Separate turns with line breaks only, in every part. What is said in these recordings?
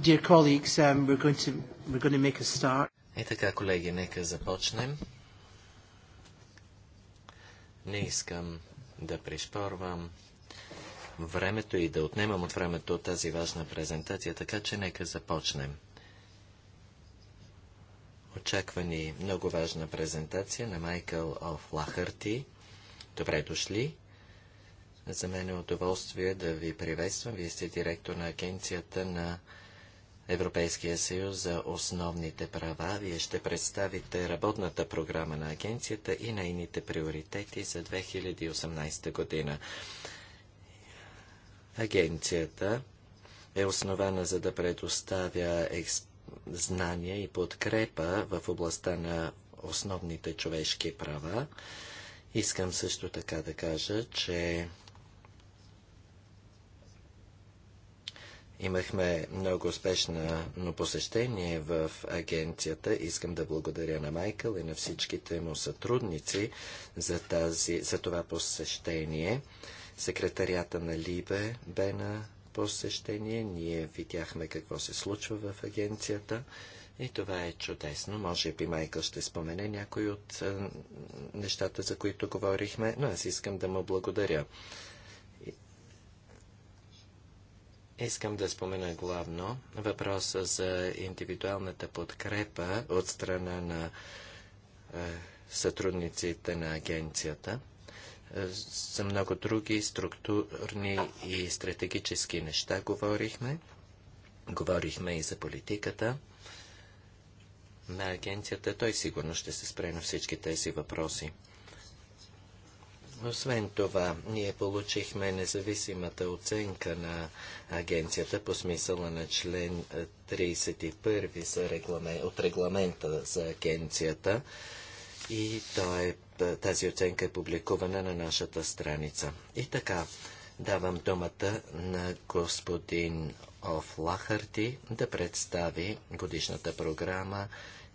Dear colleagues, um, we're going to we're going to make a start.
Е така, колеги, нека започнем. Не искам да пришпорвам времето и да отнемам от времето от тази важна презентация, така че нека започнем. Очаква ни много важна презентация на Майкъл Оф Лахърти. Добре дошли! За мен е удоволствие да ви приветствам. Вие сте директор на агенцията на Европейския съюз за основните права. Вие ще представите работната програма на агенцията и нейните приоритети за 2018 година. Агенцията е основана за да предоставя знания и подкрепа в областта на основните човешки права. Искам също така да кажа, че Имахме много успешно посещение в агенцията. Искам да благодаря на Майкъл и на всичките му сътрудници за, тази, за това посещение. Секретарията на Либе бе на посещение. Ние видяхме какво се случва в агенцията. И това е чудесно. Може би Майкъл ще спомене някои от е, нещата, за които говорихме, но аз искам да му благодаря. Искам да спомена главно въпроса за индивидуалната подкрепа от страна на е, сътрудниците на агенцията е, за много други структурни и стратегически неща говорихме. Говорихме и за политиката на агенцията. Той сигурно ще се спре на всички тези въпроси. Освен това, ние получихме независимата оценка на агенцията по смисъла на член 31 за регламент, от регламента за агенцията и е, тази оценка е публикувана на нашата страница. И така, давам думата на господин Оф Лахарти да представи годишната програма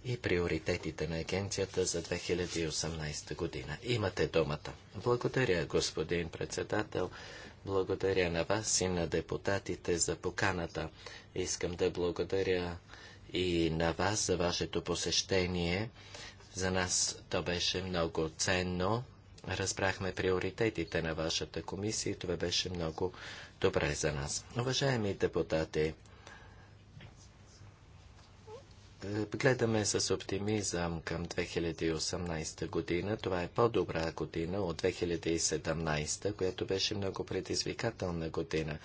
и приоритетите на агенцията за 2018 година. Имате думата. Благодаря, господин председател. Благодаря на вас и на депутатите за поканата. Искам да благодаря и на вас за вашето посещение. За нас то беше много ценно. Разбрахме приоритетите на вашата комисия и това беше много добре за нас. Уважаеми депутати, Гледаме с оптимизъм към 2018 година. Това е по-добра година от 2017, която беше много предизвикателна година.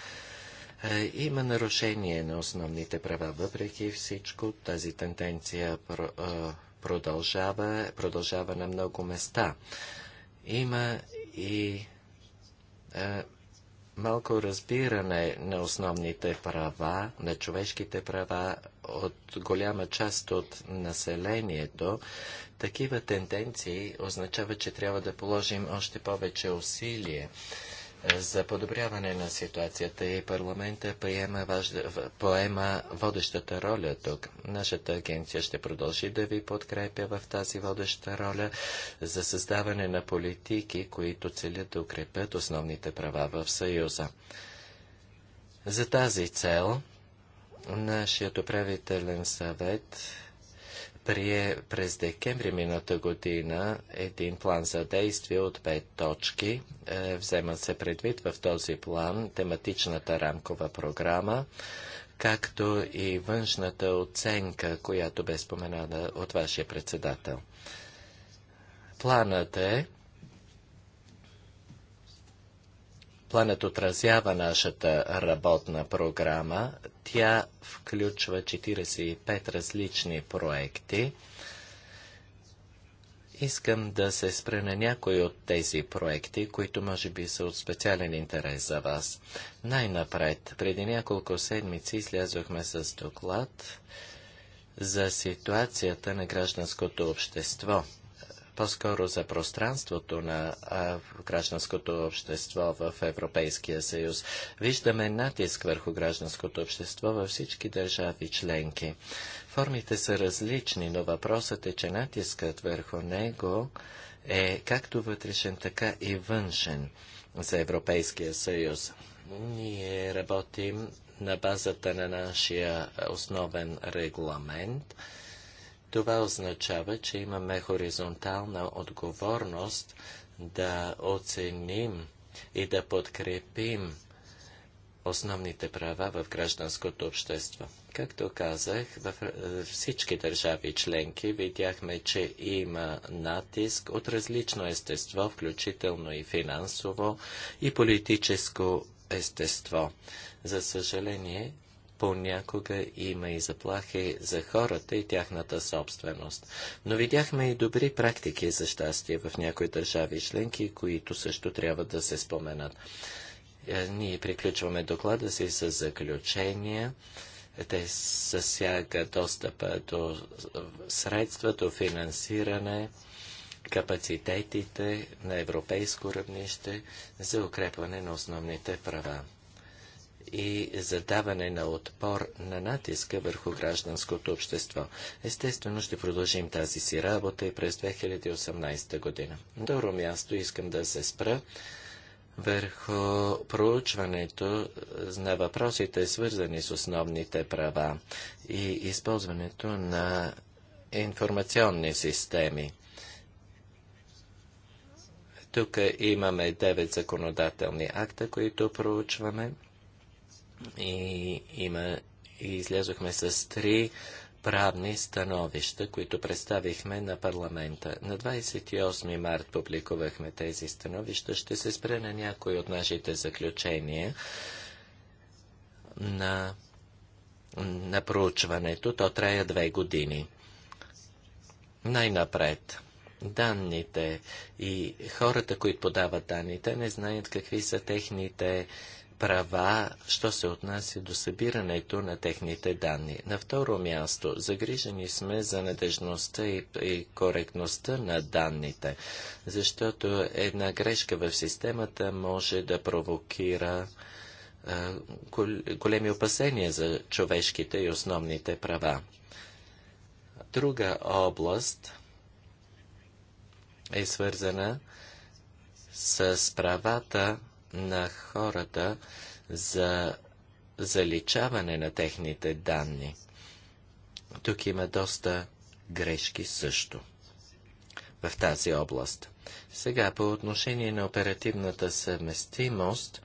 Е, има нарушение на основните права. Въпреки всичко, тази тенденция е, продължава, продължава на много места. Има и е, малко разбиране на основните права, на човешките права от голяма част от населението, такива тенденции означава, че трябва да положим още повече усилие за подобряване на ситуацията и парламента поема водещата роля тук. Нашата агенция ще продължи да ви подкрепя в тази водеща роля за създаване на политики, които целят да укрепят основните права в Съюза. За тази цел нашият управителен съвет прие през декември мината година един план за действие от пет точки. Е, взема вземат се предвид в този план тематичната рамкова програма, както и външната оценка, която бе споменана от вашия председател. Планът е Планът отразява нашата работна програма. Тя включва 45 различни проекти. Искам да се спре на някои от тези проекти, които може би са от специален интерес за вас. Най-напред, преди няколко седмици излязохме с доклад за ситуацията на гражданското общество – по-скоро за пространството на гражданското общество в Европейския съюз. Виждаме натиск върху гражданското общество във всички държави членки. Формите са различни, но въпросът е, че натискът върху него е както вътрешен, така и външен за Европейския съюз. Ние работим на базата на нашия основен регламент – това означава, че имаме хоризонтална отговорност да оценим и да подкрепим основните права в гражданското общество. Както казах, във е, всички държави членки видяхме, че има натиск от различно естество, включително и финансово и политическо естество. За съжаление, понякога има и заплахи за хората и тяхната собственост. Но видяхме и добри практики за щастие в някои държави членки, които също трябва да се споменат. Е, ние приключваме доклада си с заключения. Те съсяга достъпа до средства, до финансиране, капацитетите на европейско равнище за укрепване на основните права и задаване на отпор на натиска върху гражданското общество. Естествено, ще продължим тази си работа и през 2018 година. Второ място искам да се спра върху проучването е, на въпросите, свързани с основните права и използването на информационни системи. Тук имаме девет законодателни акта, които проучваме и, има, и излязохме с три правни становища, които представихме на парламента. На 28 март публикувахме тези становища. Ще се спре на някои от нашите заключения на, на проучването. То трая две години. Най-напред данните и хората, които подават данните, не знаят какви са техните права, що се отнася до събирането на техните данни. На второ място, загрижени сме за надежността и, и коректността на данните, защото една грешка в системата може да провокира а, гол, големи опасения за човешките и основните права. Друга област е свързана с правата на хората за заличаване на техните данни. Тук има доста грешки също в тази област. Сега по отношение на оперативната съвместимост,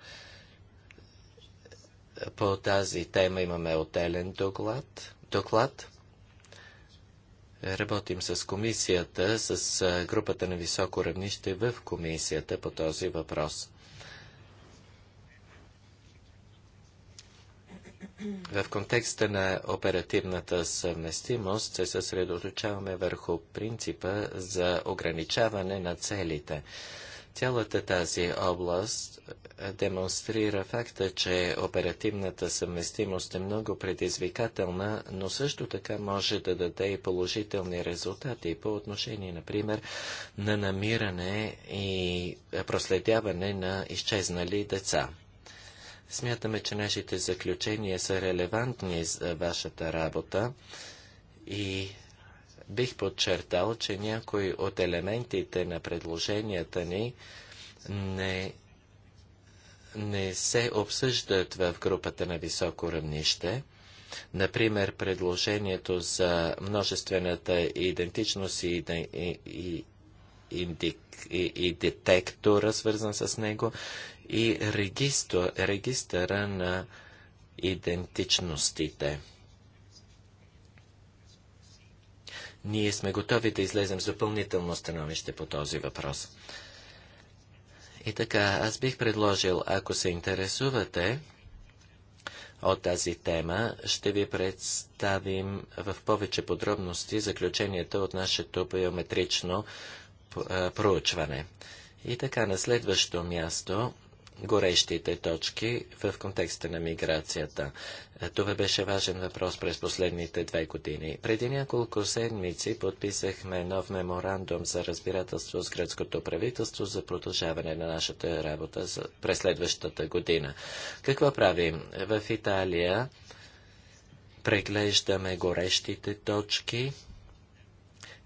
по тази тема имаме отделен доклад. доклад. Работим с комисията, с групата на високо равнище в комисията по този въпрос. В контекста на оперативната съвместимост се съсредоточаваме върху принципа за ограничаване на целите. Цялата тази област е, демонстрира факта, че оперативната съвместимост е много предизвикателна, но също така може да даде и положителни резултати по отношение, например, на намиране и проследяване на изчезнали деца. Смятаме, че нашите заключения са релевантни за вашата работа и бих подчертал, че някои от елементите на предложенията ни не, не се обсъждат в групата на високо равнище. Например, предложението за множествената идентичност и, и, и, и, и детектора, свързан с него, и регистъра на идентичностите. Ние сме готови да излезем с допълнително становище по този въпрос. И така, аз бих предложил, ако се интересувате от тази тема, ще ви представим в повече подробности заключенията от нашето биометрично проучване. И така, на следващо място горещите точки в контекста на миграцията. Е, това беше важен въпрос през последните две години. Преди няколко седмици подписахме нов меморандум за разбирателство с гръцкото правителство за продължаване на нашата работа през следващата година. Какво правим? В Италия преглеждаме горещите точки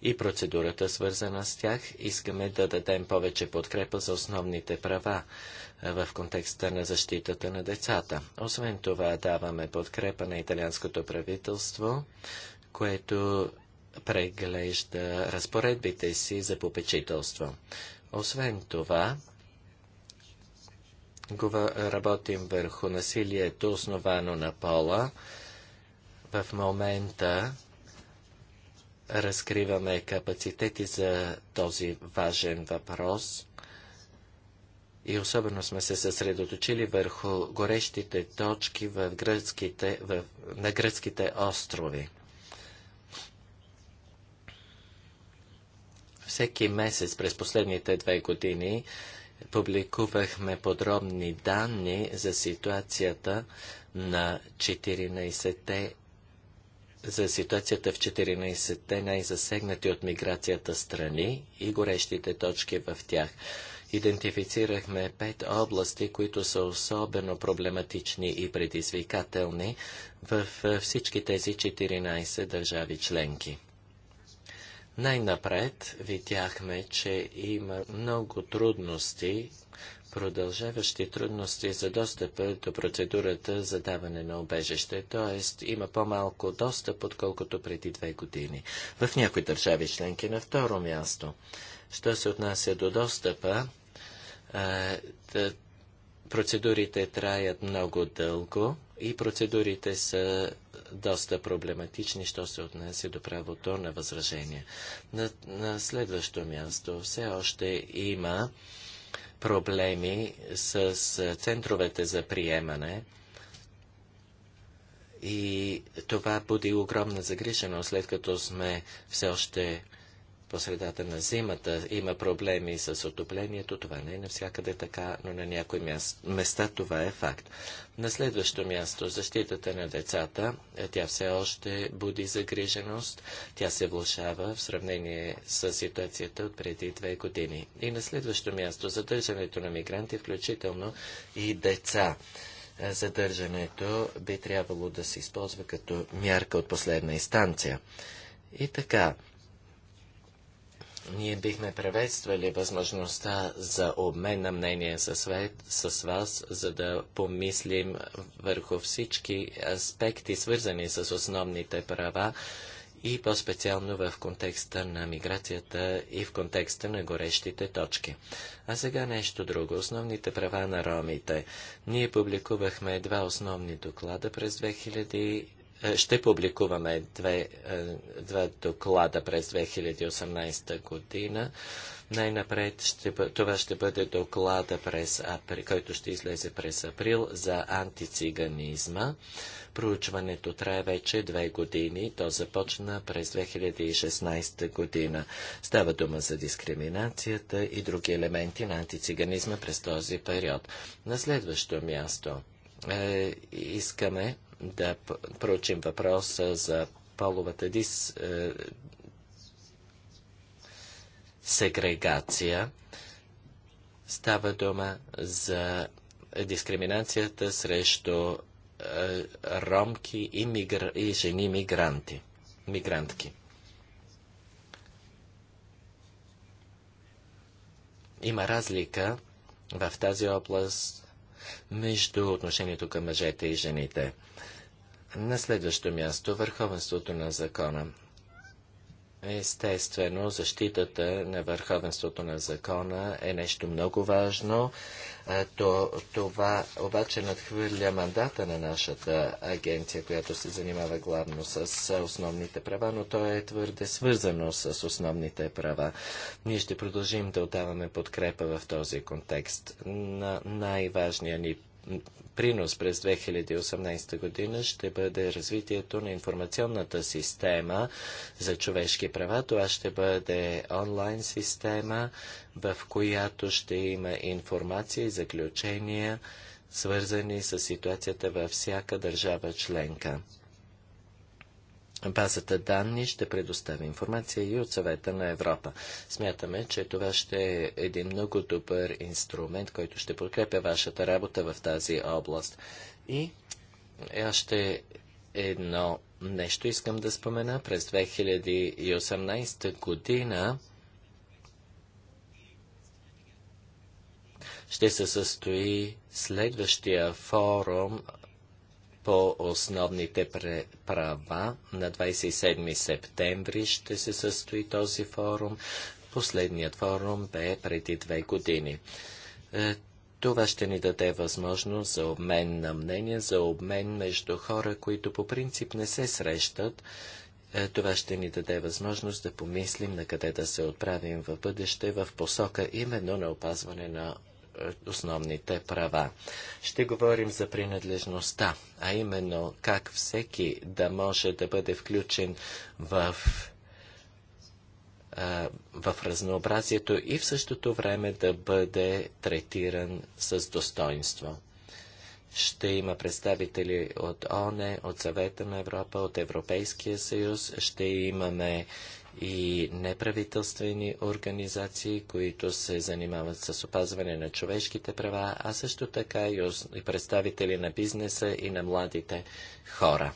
и процедурата свързана с тях. Искаме да дадем повече подкрепа за основните права в контекста на защитата на децата. Освен това, даваме подкрепа на италианското правителство, което преглежда разпоредбите си за попечителство. Освен това, работим върху насилието, основано на пола. В момента разкриваме капацитети за този важен въпрос. И особено сме се съсредоточили върху горещите точки в гръцките, в, на гръцките острови. Всеки месец през последните две години публикувахме подробни данни за ситуацията на 14-те за ситуацията в 14-те най-засегнати от миграцията страни и горещите точки в тях. Идентифицирахме пет области, които са особено проблематични и предизвикателни в всички тези 14 държави членки. Най-напред видяхме, че има много трудности продължаващи трудности за достъпа до процедурата за даване на обежище, т.е. има по-малко достъп, отколкото преди две години. В някои държави членки на второ място. Що се отнася до достъпа, процедурите траят много дълго и процедурите са доста проблематични, що се отнася до правото на възражение. На, на следващо място все още има проблеми с центровете за приемане. И това буди огромна загриженост, след като сме все още по средата на зимата има проблеми с отоплението. Това не е навсякъде така, но на някои места това е факт. На следващо място, защитата на децата. Е, тя все още буди загриженост. Тя се влушава в сравнение с ситуацията от преди две години. И на следващо място, задържането на мигранти, включително и деца. Е, задържането би трябвало да се използва като мярка от последна инстанция. И така, ние бихме приветствали възможността за обмен на мнение свет, с вас, за да помислим върху всички аспекти, свързани с основните права и по-специално в контекста на миграцията и в контекста на горещите точки. А сега нещо друго. Основните права на ромите. Ние публикувахме два основни доклада през 2000 е, ще публикуваме две, е, два доклада през 2018 година. Най-напред ще, това ще бъде доклада, през който ще излезе през април за антициганизма. Проучването трае вече две години. То започна през 2016 година. Става дума за дискриминацията и други елементи на антициганизма през този период. На следващо място е, искаме да проучим въпроса за половата дис, е, сегрегация. Става дума за дискриминацията срещу е, ромки и, мигр... и жени мигранти, мигрантки. Има разлика в тази област между отношението към мъжете и жените. На следващо място върховенството на закона. Естествено, защитата на върховенството на закона е нещо много важно. това обаче надхвърля мандата на нашата агенция, която се занимава главно с основните права, но то е твърде свързано с основните права. Ние ще продължим да отдаваме подкрепа в този контекст. На най-важния ни принос през 2018 година ще бъде развитието на информационната система за човешки права. Това ще бъде онлайн система, в която ще има информация и заключения, свързани с ситуацията във всяка държава членка. Базата данни ще предостави информация и от съвета на Европа. Смятаме, че това ще е един много добър инструмент, който ще подкрепя вашата работа в тази област. И е още едно нещо искам да спомена. През 2018 година ще се състои следващия форум по основните права. На 27 септември ще се състои този форум. Последният форум бе преди две години. Е, това ще ни даде възможност за обмен на мнения, за обмен между хора, които по принцип не се срещат. Е, това ще ни даде възможност да помислим на къде да се отправим в бъдеще в посока именно на опазване на основните права. Ще говорим за принадлежността, а именно как всеки да може да бъде включен в в разнообразието и в същото време да бъде третиран с достоинство. Ще има представители от ОНЕ, от Съвета на Европа, от Европейския съюз. Ще имаме и неправителствени организации, които се занимават с опазване на човешките права, а също така и, представители на бизнеса и на младите хора.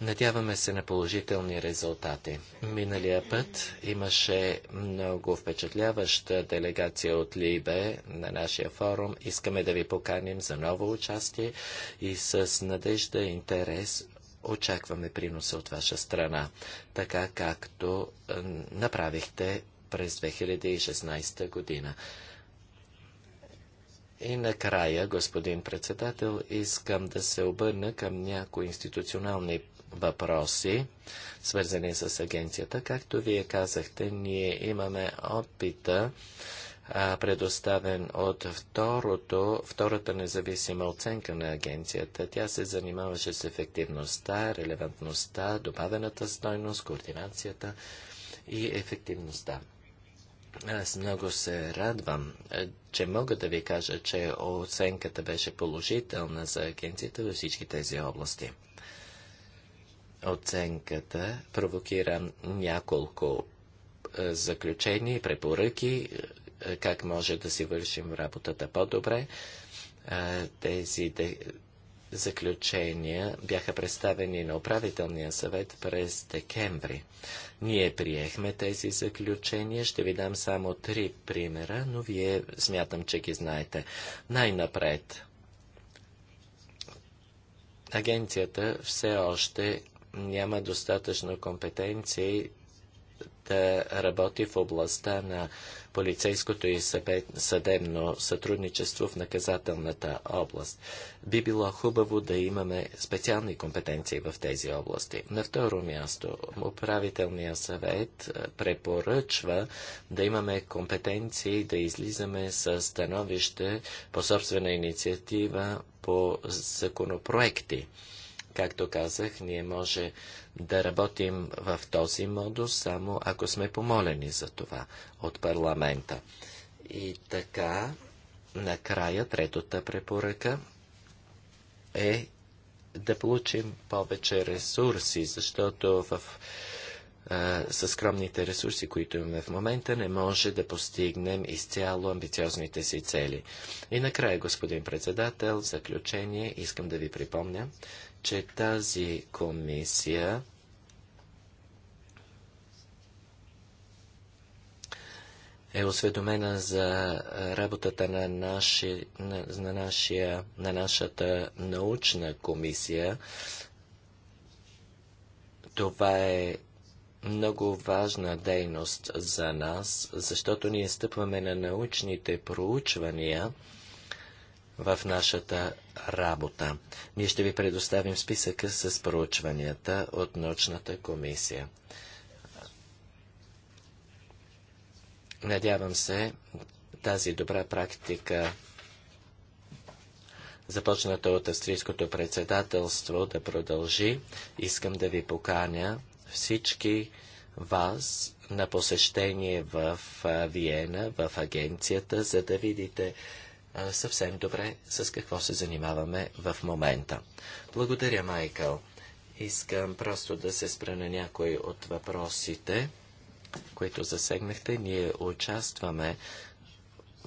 Надяваме се на положителни резултати. Миналия път имаше много впечатляваща делегация от Либе на нашия форум. Искаме да ви поканим за ново участие и с надежда и интерес Очакваме приноса от ваша страна, така както е, направихте през 2016 година. И накрая, господин председател, искам да се обърна към някои институционални въпроси, свързани с агенцията. Както вие казахте, ние имаме опита предоставен от второто, втората независима оценка на агенцията. Тя се занимаваше с ефективността, релевантността, добавената стойност, координацията и ефективността. Аз много се радвам, че мога да ви кажа, че оценката беше положителна за агенцията във всички тези области. Оценката провокира няколко заключения и препоръки, е, как може да си вършим работата по-добре. Е, тези заключения бяха представени на управителния съвет през декември. Ние приехме тези заключения. Ще ви дам само три примера, но вие смятам, че ги знаете. Най-напред. Агенцията все още няма достатъчно компетенции да работи в областта на полицейското и съдебно сътрудничество в наказателната област. Би било хубаво да имаме специални компетенции в тези области. На второ място, управителният съвет е, препоръчва да имаме компетенции да излизаме с становище по собствена инициатива по законопроекти. Както казах, ние може да работим в този модус, само ако сме помолени за това от парламента. И така, накрая, третата препоръка е да получим повече ресурси, защото в, а, със скромните ресурси, които имаме в момента, не може да постигнем изцяло амбициозните си цели. И накрая, господин председател, в заключение искам да ви припомня, че тази комисия е осведомена за работата на, наши, на, на, нашия, на нашата научна комисия. Това е много важна дейност за нас, защото ние стъпваме на научните проучвания – в нашата работа. Ние ще ви предоставим списъка с проучванията от научната комисия. Надявам се тази добра практика, започната от австрийското председателство, да продължи. Искам да ви поканя всички вас на посещение в Виена, в агенцията, за да видите съвсем добре с какво се занимаваме в момента. Благодаря, Майкъл. Искам просто да се спра на някои от въпросите, които засегнахте. Ние участваме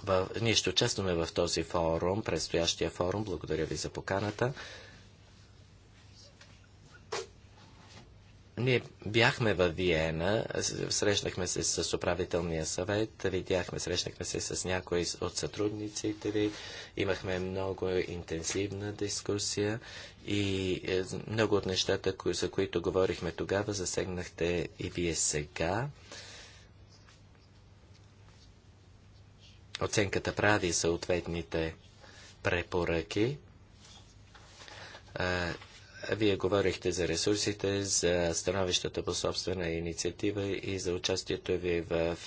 в... Ние ще участваме в този форум, предстоящия форум. Благодаря ви за поканата. Ние бяхме във Виена, срещнахме се с управителния съвет, видяхме, срещнахме се с някои от сътрудниците ви, имахме много интенсивна дискусия и е, много от нещата, за които говорихме тогава, засегнахте и вие сега. Оценката прави съответните препоръки. Е, вие говорихте за ресурсите, за становищата по собствена инициатива и за участието ви в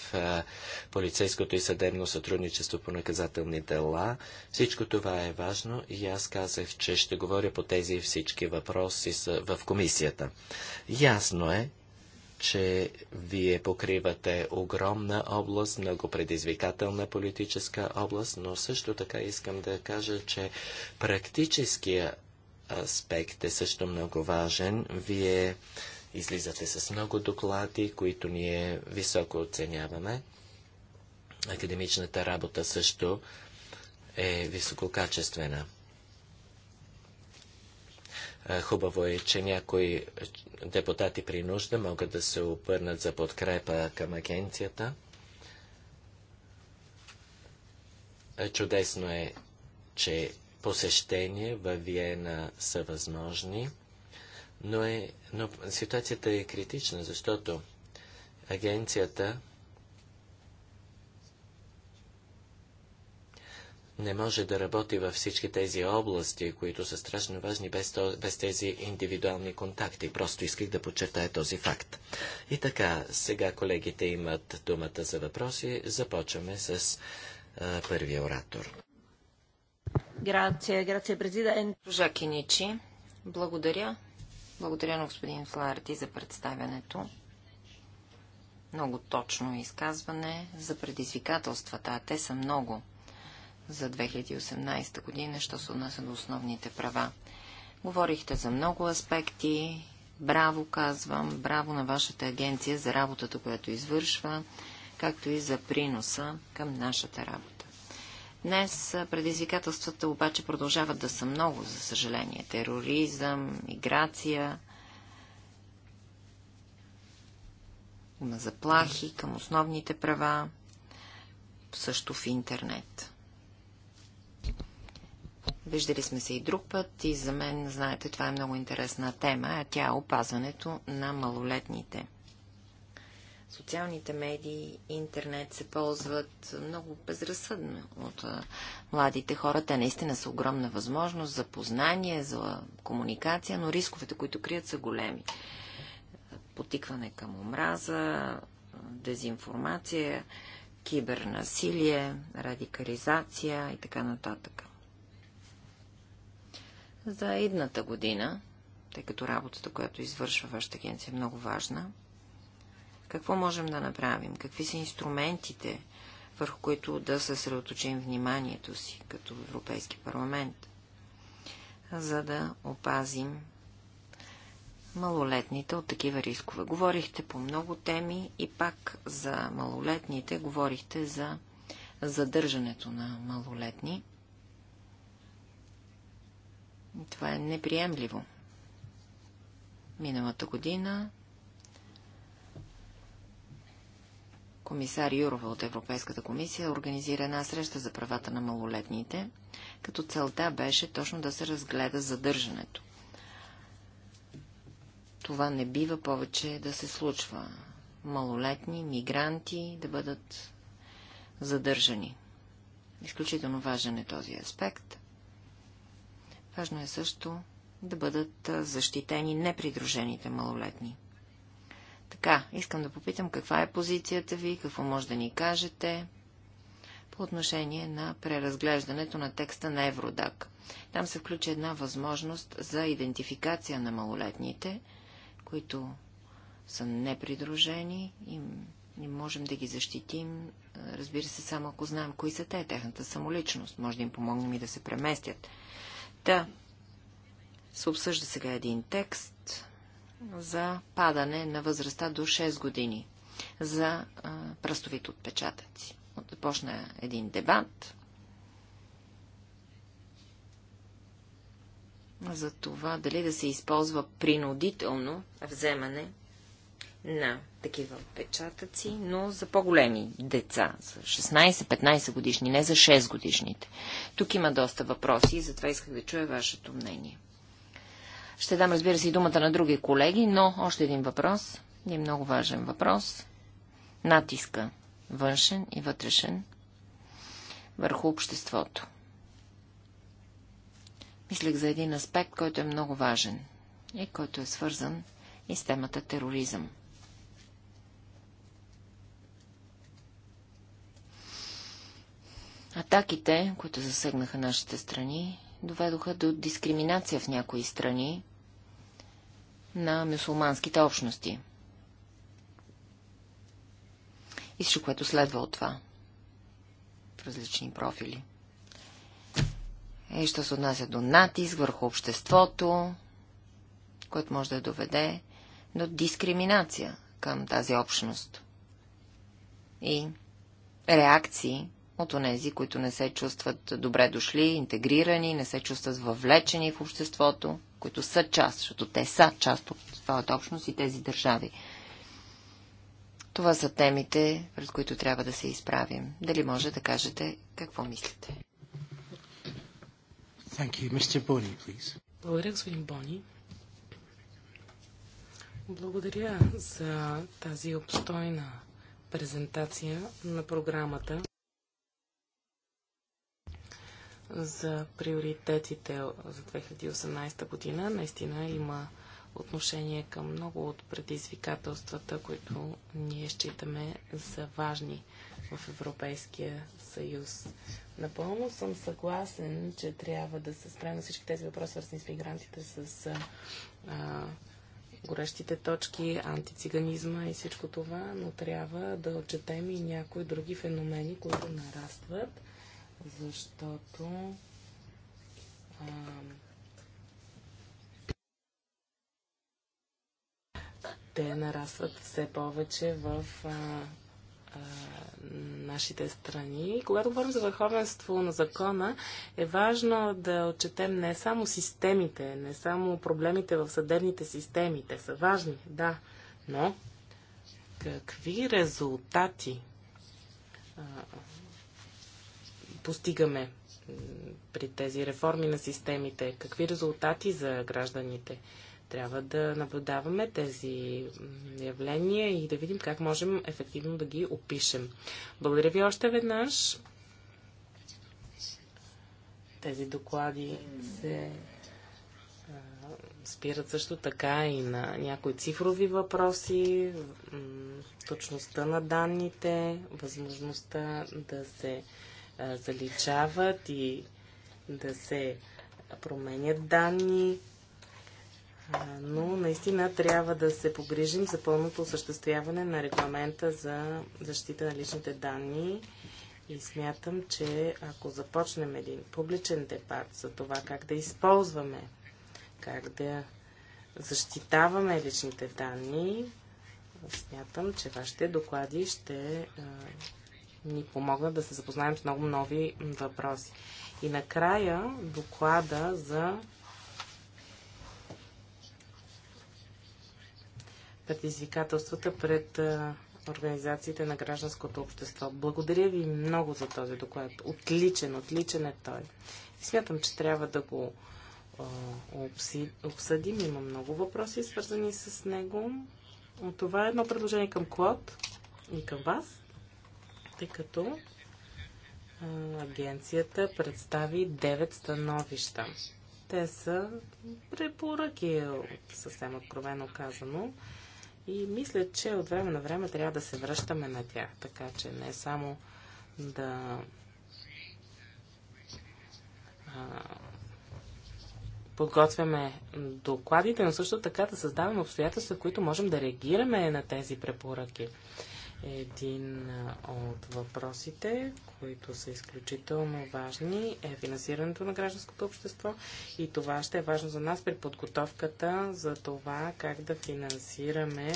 полицейското и съдебно сътрудничество по наказателни дела. Всичко това е важно и аз казах, че ще говоря по тези всички въпроси в комисията. Ясно е, че вие покривате огромна област, много предизвикателна политическа област, но също така искам да кажа, че практическия аспект е също много важен. Вие излизате с много доклади, които ние високо оценяваме. Академичната работа също е висококачествена. Хубаво е, че някои депутати при нужда могат да се обърнат за подкрепа към агенцията. Е, чудесно е, че посещения в Виена са възможни, но, е, но ситуацията е критична, защото агенцията не може да работи във всички тези области, които са страшно важни без, то, без тези индивидуални контакти. Просто исках да подчертая този факт. И така, сега колегите имат думата за въпроси. Започваме с а, първия оратор.
Грация, грация президент. Жа благодаря. Благодаря на господин Фларти за представянето. Много точно изказване за предизвикателствата, а те са много за 2018 година, що се отнася до основните права. Говорихте за много аспекти. Браво, казвам, браво на вашата агенция за работата, която извършва, както и за приноса към нашата работа. Днес предизвикателствата обаче продължават да са много, за съжаление. Тероризъм, миграция, има заплахи към основните права, също в интернет. Виждали сме се и друг път и за мен, знаете, това е много интересна тема, а тя е опазването на малолетните социалните медии и интернет се ползват много безразсъдно от младите хора. Те наистина са огромна възможност за познание, за комуникация, но рисковете, които крият, са големи. Потикване към омраза, дезинформация, кибернасилие, радикализация и така нататък. За идната година, тъй като работата, която извършва вашата агенция е много важна, какво можем да направим? Какви са инструментите, върху които да съсредоточим вниманието си като Европейски парламент, за да опазим малолетните от такива рискове. Говорихте по много теми и пак за малолетните, говорихте за задържането на малолетни. Това е неприемливо. Миналата година Комисар Юрова от Европейската комисия организира една среща за правата на малолетните, като целта беше точно да се разгледа задържането. Това не бива повече да се случва. Малолетни, мигранти да бъдат задържани. Изключително важен е този аспект. Важно е също да бъдат защитени непридружените малолетни. Така, искам да попитам каква е позицията ви, какво може да ни кажете по отношение на преразглеждането на текста на Евродак. Там се включи една възможност за идентификация на малолетните, които са непридружени и не можем да ги защитим, разбира се, само ако знаем кои са те, техната самоличност. Може да им помогнем и да се преместят. Та, да. се обсъжда сега един текст, за падане на възрастта до 6 години за а, пръстовите отпечатъци. Започна един дебат за това дали да се използва принудително вземане на такива отпечатъци, но за по-големи деца, за 16-15 годишни, не за 6 годишните. Тук има доста въпроси и затова исках да чуя вашето мнение. Ще дам, разбира се, и думата на други колеги, но още един въпрос. И е много важен въпрос. Натиска външен и вътрешен върху обществото. Мислех за един аспект, който е много важен и който е свързан и с темата тероризъм. Атаките, които засегнаха нашите страни, доведоха до дискриминация в някои страни на мюсулманските общности. И всичко, което следва от това в различни профили. Е, що се отнася до натиск върху обществото, което може да доведе до дискриминация към тази общност. И реакции от онези, които не се чувстват добре дошли, интегрирани, не се чувстват въвлечени в обществото, които са част, защото те са част от своята общност и тези държави. Това са темите, пред които трябва да се изправим. Дали може да кажете какво мислите?
Thank you. Mr. Bonny,
Благодаря, господин Бони. Благодаря за тази обстойна презентация на програмата за приоритетите за 2018 година. Наистина има отношение към много от предизвикателствата, които ние считаме за важни в Европейския съюз. Напълно съм съгласен, че трябва да се на всички тези въпроси, свързани с мигрантите, с а, горещите точки, антициганизма и всичко това, но трябва да отчетем и някои други феномени, които нарастват защото а, те нарастват все повече в а, а, нашите страни. когато говорим за върховенство на закона, е важно да отчетем не само системите, не само проблемите в съдебните системи. Те са важни, да, но какви резултати а, постигаме при тези реформи на системите, какви резултати за гражданите. Трябва да наблюдаваме тези явления и да видим как можем ефективно да ги опишем. Благодаря ви още веднъж. Тези доклади се спират също така и на някои цифрови въпроси, точността на данните, възможността да се заличават и да се променят данни, но наистина трябва да се погрижим за пълното осъществяване на регламента за защита на личните данни. И смятам, че ако започнем един публичен дебат за това как да използваме, как да защитаваме личните данни, смятам, че вашите доклади ще ни помогнат да се запознаем с много нови въпроси. И накрая доклада за предизвикателствата пред организациите на гражданското общество. Благодаря ви много за този доклад. Отличен, отличен е той. И смятам, че трябва да го обсъдим. Има много въпроси, свързани с него. това е едно предложение към Клод и към вас тъй като агенцията представи 9 становища. Те са препоръки, съвсем откровено казано. И мисля, че от време на време трябва да се връщаме на тях, така че не само да а, подготвяме докладите, но също така да създаваме обстоятелства, които можем да реагираме на тези препоръки. Един от въпросите, които са изключително важни, е финансирането на гражданското общество и това ще е важно за нас при подготовката за това как да финансираме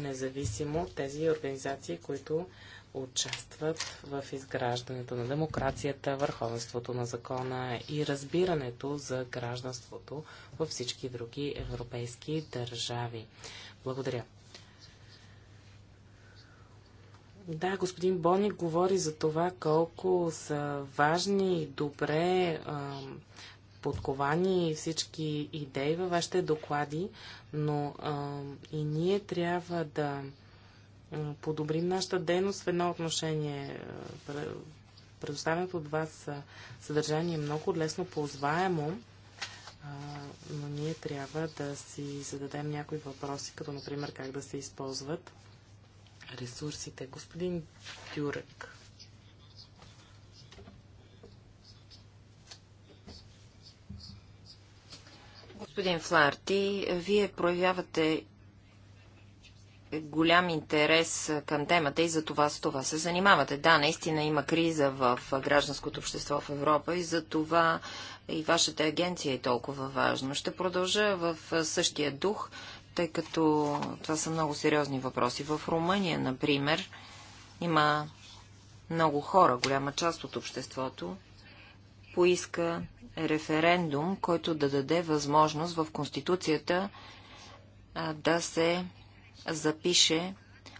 независимо тези организации, които участват в изграждането на демокрацията, върховенството на закона и разбирането за гражданството във всички други европейски държави. Благодаря. Да, господин Бони говори за това колко са важни и добре а, подковани всички идеи във вашите доклади, но а, и ние трябва да подобрим нашата дейност в едно отношение. Предоставянето от вас съдържание е много лесно ползваемо, а, но ние трябва да си зададем някои въпроси, като например как да се използват ресурсите. Господин Тюрек. Господин
Фларти, вие проявявате голям интерес към темата и за това с това се занимавате. Да, наистина има криза в гражданското общество в Европа и за това и вашата агенция е толкова важна. Ще продължа в същия дух тъй като това са много сериозни въпроси. В Румъния, например, има много хора, голяма част от обществото, поиска референдум, който да даде възможност в Конституцията да се запише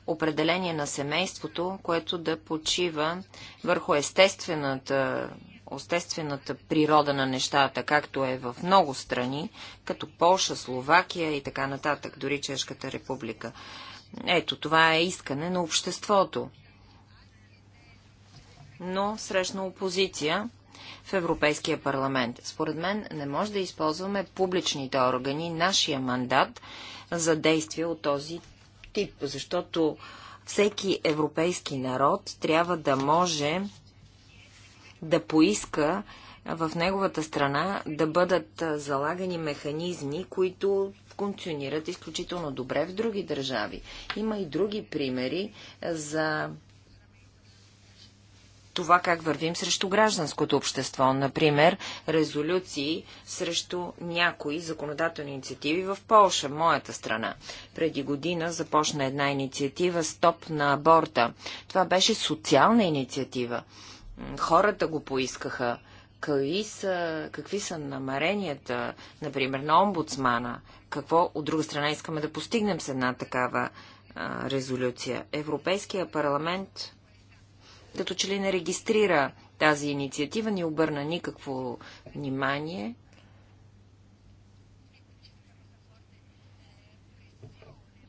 определение на семейството, което да почива върху естествената естествената природа на нещата, както е в много страни, като Полша, Словакия и така нататък, дори Чешката република. Ето, това е искане на обществото. Но срещна опозиция в Европейския парламент. Според мен не може да използваме публичните органи, нашия мандат за действия от този тип, защото всеки европейски народ трябва да може да поиска в неговата страна да бъдат залагани механизми, които функционират изключително добре в други държави. Има и други примери за това как вървим срещу гражданското общество. Например, резолюции срещу някои законодателни инициативи в Полша, моята страна. Преди година започна една инициатива Стоп на аборта. Това беше социална инициатива хората го поискаха. Какви са, какви са намеренията, например, на омбудсмана? Какво, от друга страна, искаме да постигнем с една такава а, резолюция? Европейския парламент като че ли не регистрира тази инициатива, ни обърна никакво внимание.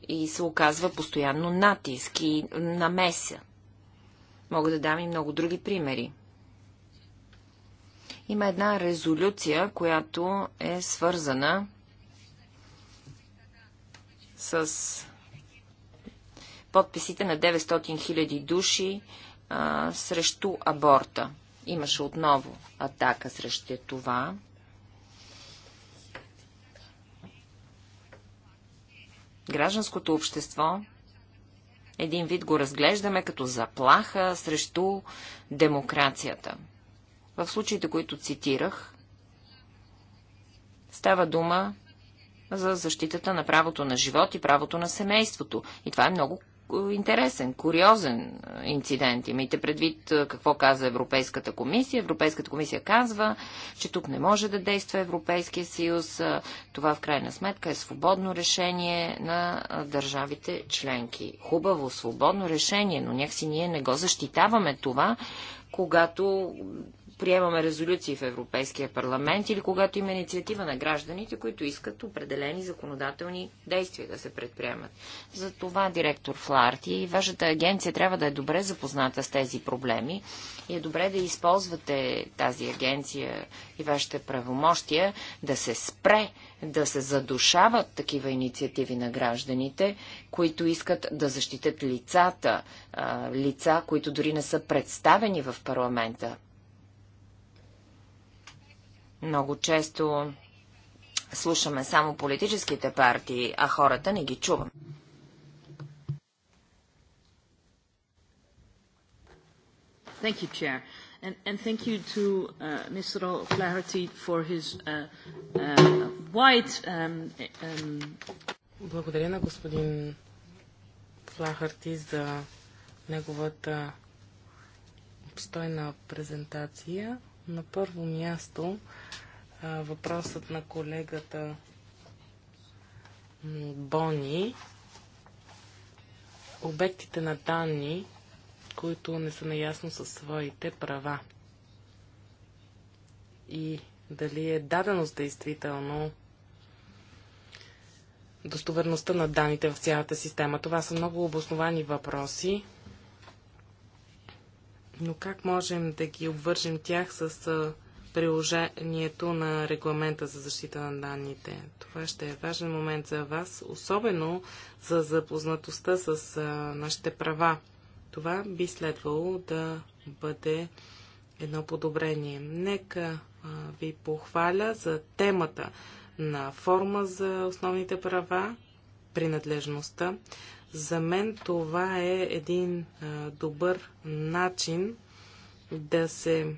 И се оказва постоянно натиск и намеса. Мога да дам и много други примери. Има една резолюция, която е свързана с подписите на 900 000 души а, срещу аборта. Имаше отново атака срещу това. Гражданското общество един вид го разглеждаме като заплаха срещу демокрацията. В случаите, които цитирах, става дума за защитата на правото на живот и правото на семейството. И това е много интересен, куриозен инцидент. Имайте предвид какво каза Европейската комисия. Европейската комисия казва, че тук не може да действа Европейския съюз. Това в крайна сметка е свободно решение на държавите членки. Хубаво, свободно решение, но някакси ние не го защитаваме това, когато приемаме резолюции в Европейския парламент или когато има инициатива на гражданите, които искат определени законодателни действия да се предприемат. За това директор Фларти и вашата агенция трябва да е добре запозната с тези проблеми и е добре да използвате тази агенция и вашите правомощия да се спре да се задушават такива инициативи на гражданите, които искат да защитят лицата, лица, които дори не са представени в парламента. Много често слушаме само политическите партии, а хората не ги чуваме.
Thank you, Chair. And, and thank you to uh, Mr. O'Flaherty for his uh, uh, wide... Um, um... Благодаря на господин Флахарти за неговата обстойна презентация. На първо място въпросът на колегата Бони. Обектите на данни, които не са наясно със своите права. И дали е даденост действително достоверността на данните в цялата система. Това са много обосновани въпроси но как можем да ги обвържем тях с приложението на регламента за защита на данните? Това ще е важен момент за вас, особено за запознатостта с нашите права. Това би следвало да бъде едно подобрение. Нека ви похваля за темата на форма за основните права, принадлежността. За мен това е един а, добър начин да се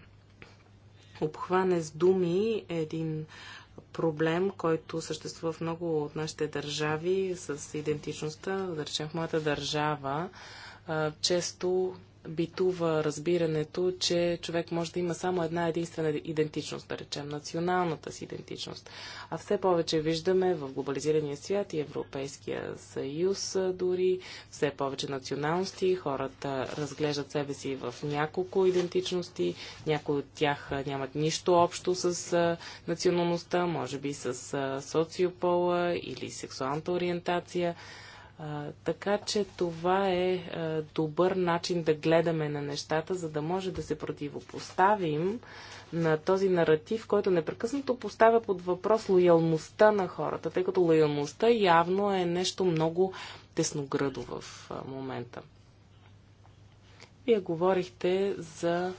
обхване с думи един проблем, който съществува в много от нашите държави с идентичността. Да речем в моята държава, а, често битува разбирането, че човек може да има само една единствена идентичност, да речем, националната си идентичност. А все повече виждаме в глобализирания свят и Европейския съюз дори все повече националности. Хората разглеждат себе си в няколко идентичности. Някои от тях нямат нищо общо с националността, може би с социопола или сексуалната ориентация така че това е а, добър начин да гледаме на нещата, за да може да се противопоставим на този наратив, който непрекъснато поставя под въпрос лоялността на хората, тъй като лоялността явно е нещо много тесноградо в а, момента. Вие говорихте за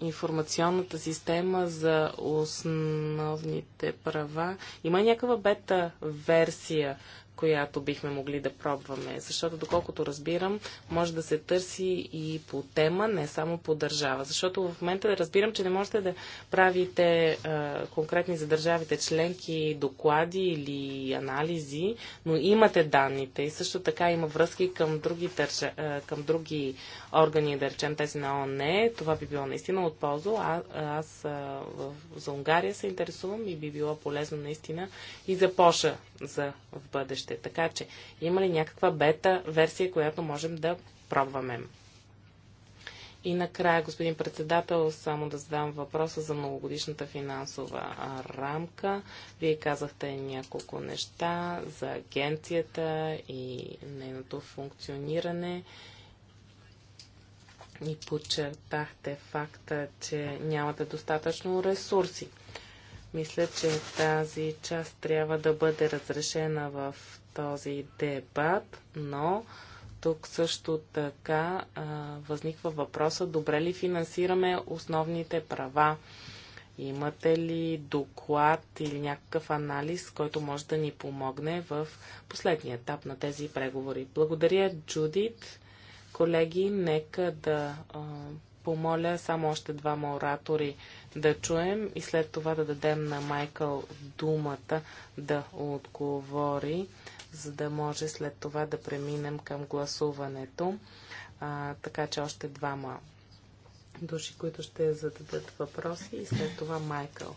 информационната система за основните права. Има някаква бета версия която бихме могли да пробваме. Защото, доколкото разбирам, може да се търси и по тема, не само по държава. Защото в момента разбирам, че не можете да правите а, конкретни за държавите членки доклади или анализи, но имате данните и също така има връзки към други, държа, към други органи, да речем тези на ООН. Това би било наистина от полза. А, аз а, в, за Унгария се интересувам и би било полезно наистина и за Поша за в бъдеще бъдеще. Така че има ли някаква бета версия, която можем да пробваме? И накрая, господин председател, само да задам въпроса за многогодишната финансова рамка. Вие казахте няколко неща за агенцията и нейното функциониране и подчертахте факта, че нямате достатъчно ресурси. Мисля, че тази част трябва да бъде разрешена в този дебат, но тук също така а, възниква въпроса, добре ли финансираме основните права? Имате ли доклад или някакъв анализ, който може да ни помогне в последния етап на тези преговори? Благодаря, Джудит. Колеги, нека да а, помоля само още двама оратори да чуем и след това да дадем на Майкъл думата да отговори за да може след това да преминем към гласуването. А, така че още двама души, които ще зададат въпроси и след това Майкъл.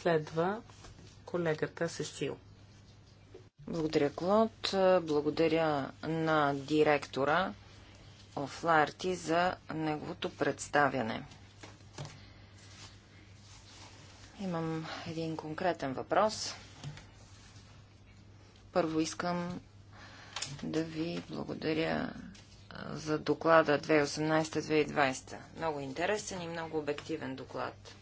Следва колегата Сесил. Благодаря, Клод. Благодаря на
директора Офларти за неговото представяне. Имам един конкретен въпрос. Първо искам да ви благодаря за доклада 2018-2020. Много интересен и много обективен доклад.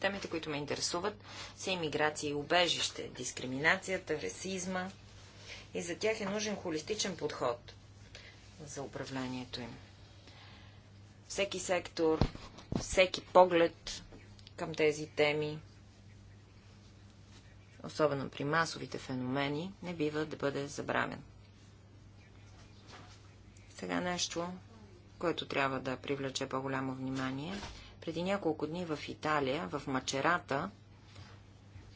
Темите, които ме интересуват, са иммиграция и убежище, дискриминацията, расизма. И за тях е нужен холистичен подход за управлението им. Всеки сектор, всеки поглед към тези теми особено при масовите феномени, не бива да бъде забравен. Сега нещо, което трябва да привлече по-голямо внимание. Преди няколко дни в Италия, в Мачерата,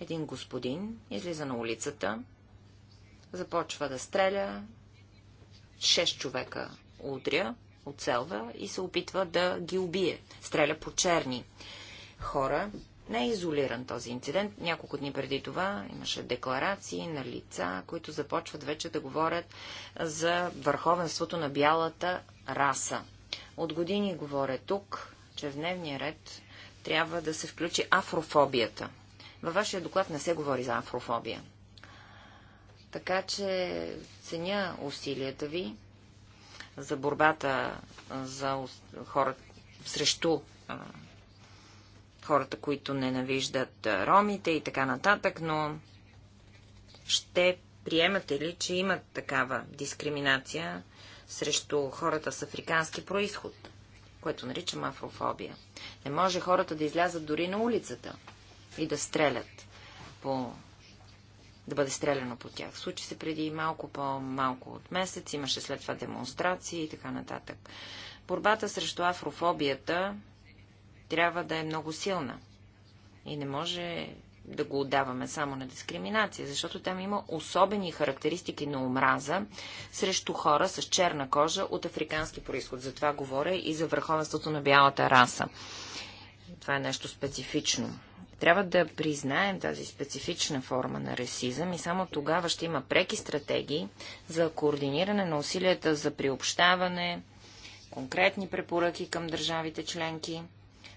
един господин излиза на улицата, започва да стреля, шест човека удря, оцелва и се опитва да ги убие. Стреля по черни хора, не е изолиран този инцидент. Няколко дни преди това имаше декларации на лица, които започват вече да говорят за върховенството на бялата раса. От години говоря тук, че в дневния ред трябва да се включи афрофобията. Във вашия доклад не се говори за афрофобия. Така че ценя усилията ви за борбата за хората срещу хората, които ненавиждат ромите и така нататък, но ще приемате ли, че имат такава дискриминация срещу хората с африкански происход, което наричам афрофобия? Не може хората да излязат дори на улицата и да стрелят по да бъде стреляно по тях. Случи се преди малко по-малко от месец, имаше след това демонстрации и така нататък. Борбата срещу афрофобията трябва да е много силна. И не може да го отдаваме само на дискриминация, защото там има особени характеристики на омраза срещу хора с черна кожа от африкански происход. Затова говоря и за върховенството на бялата раса. Това е нещо специфично. Трябва да признаем тази специфична форма на расизъм и само тогава ще има преки стратегии за координиране на усилията за приобщаване, конкретни препоръки към държавите членки –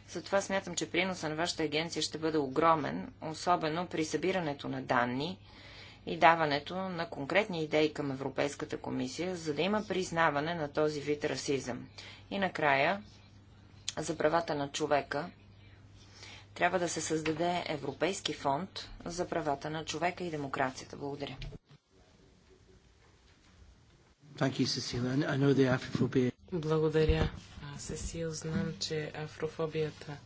затова смятам, че приноса на вашата агенция ще бъде огромен, особено при събирането на данни и даването на конкретни идеи към Европейската комисия, за да има признаване на този вид расизъм. И накрая, за правата на човека, трябва да се създаде Европейски фонд за правата на човека и демокрацията. Благодаря.
Благодаря. Сесил, знам, че афрофобията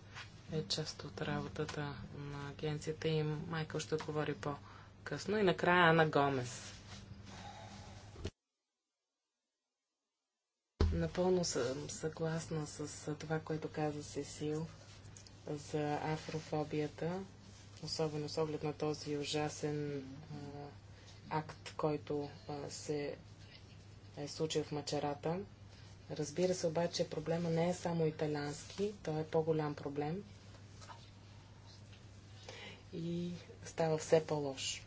е част от работата на агенцията и Майкъл ще говори по-късно. И накрая Ана Гомес. Напълно съм съгласна с това, което каза Сесил за афрофобията, особено с оглед на този ужасен а, акт, който а, се е случил в мачерата. Разбира се обаче, проблема не е само италянски, той е по-голям проблем и става все по-лош.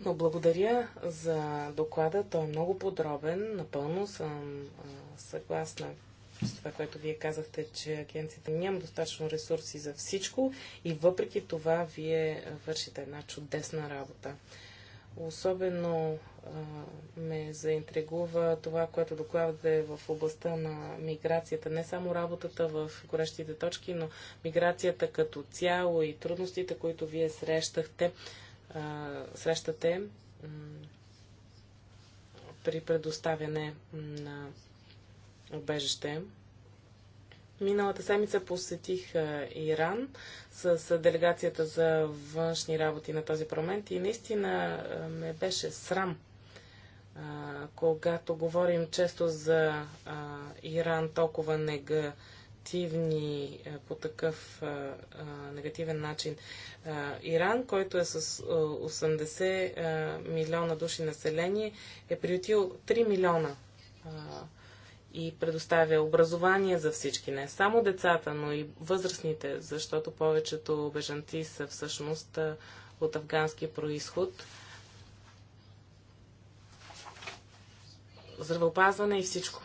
Но благодаря за доклада. Той е много подробен. Напълно съм съгласна с това, което вие казахте, че агенцията няма достатъчно ресурси за всичко и въпреки това вие вършите една чудесна работа. Особено а, ме заинтригува това, което докладвате в областта на миграцията. Не само работата в горещите точки, но миграцията като цяло и трудностите, които вие срещахте, а, срещате при предоставяне на убежище. Миналата седмица посетих Иран с делегацията за външни работи на този парламент и наистина ме беше срам, когато говорим често за Иран толкова нега негативни, по такъв а, а, негативен начин. А, Иран, който е с 80 милиона души население, е приютил 3 милиона и предоставя образование за всички, не само децата, но и възрастните, защото повечето бежанци са всъщност от афгански происход. Здравеопазване и всичко.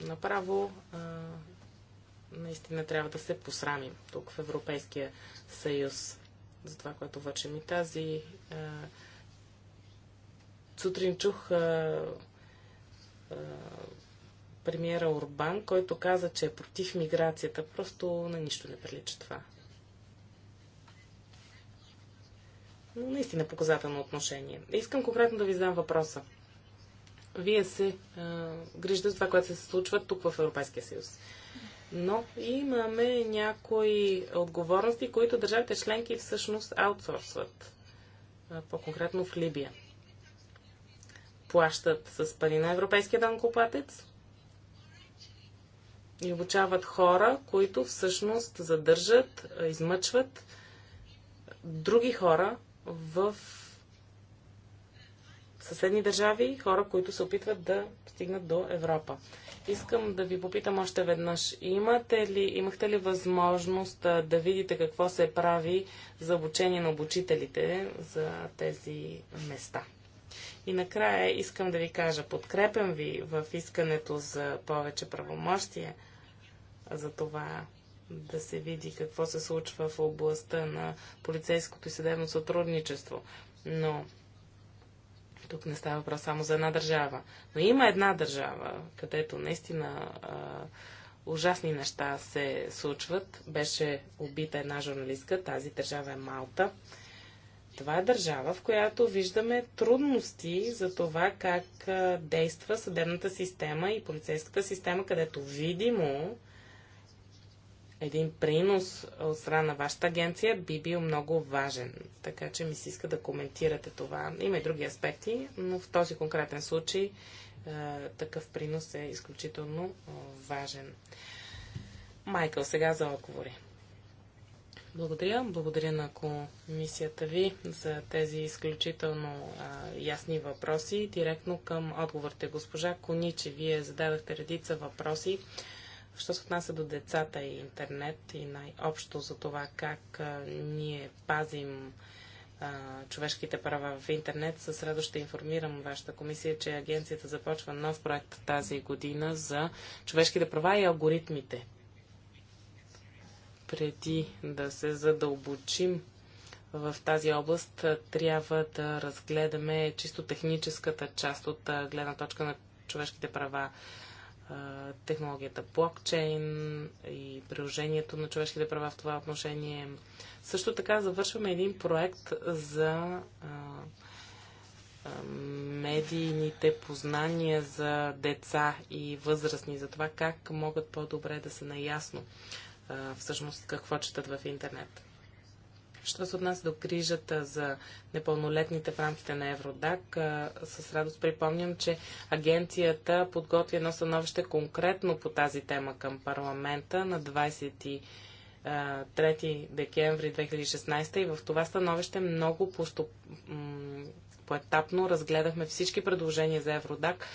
Направо наистина трябва да се посрамим тук в Европейския съюз за това, което вършим. И тази сутрин чух премиера Орбан, който каза, че е против миграцията. Просто на нищо не прилича това. Но наистина показателно отношение. Искам конкретно да ви задам въпроса. Вие се а, грижите за това, което се случва тук в Европейския съюз. Но имаме някои отговорности, които държавите членки всъщност аутсорсват. По-конкретно в Либия плащат с пари на европейския данкоплатец, и обучават хора, които всъщност задържат, измъчват други хора в съседни държави, хора, които се опитват да стигнат до Европа. Искам да ви попитам още веднъж. Имате ли, имахте ли възможност да видите какво се прави за обучение на обучителите за тези места? И накрая искам да ви кажа, подкрепям ви в искането за повече правомощие за това да се види какво се случва в областта на полицейското и съдебно сътрудничество. Но тук не става въпрос само за една държава. Но има една държава, където наистина а, ужасни неща се случват. Беше убита една журналистка, тази държава е Малта. Това е държава, в която виждаме трудности за това как а, действа съдебната система и полицейската система, където видимо един принос от страна на вашата агенция би бил много важен. Така че ми се иска да коментирате това. Има и други аспекти, но в този конкретен случай е, такъв принос е изключително е, важен. Майкъл, сега за отговори. Благодаря. Благодаря на комисията ви за тези изключително а, ясни въпроси. Директно към отговорите. Госпожа Кониче, вие зададахте редица въпроси Що се отнася до децата и интернет и най-общо за това как а, ние пазим а, човешките права в интернет, със радост ще информирам вашата комисия, че агенцията започва нов проект тази година за човешките права и алгоритмите. Преди да се задълбочим в тази област, трябва да разгледаме чисто техническата част от гледна точка на човешките права технологията блокчейн и приложението на човешките права в това отношение. Също така завършваме един проект за медийните познания за деца и възрастни, за това как могат по-добре да са наясно всъщност какво четат в интернет. Що се отнася до грижата за непълнолетните в рамките на Евродак, с радост припомням, че агенцията подготви едно становище конкретно по тази тема към парламента на 20 3 декември 2016 и в това становище много поступ поетапно разгледахме всички предложения за Евродак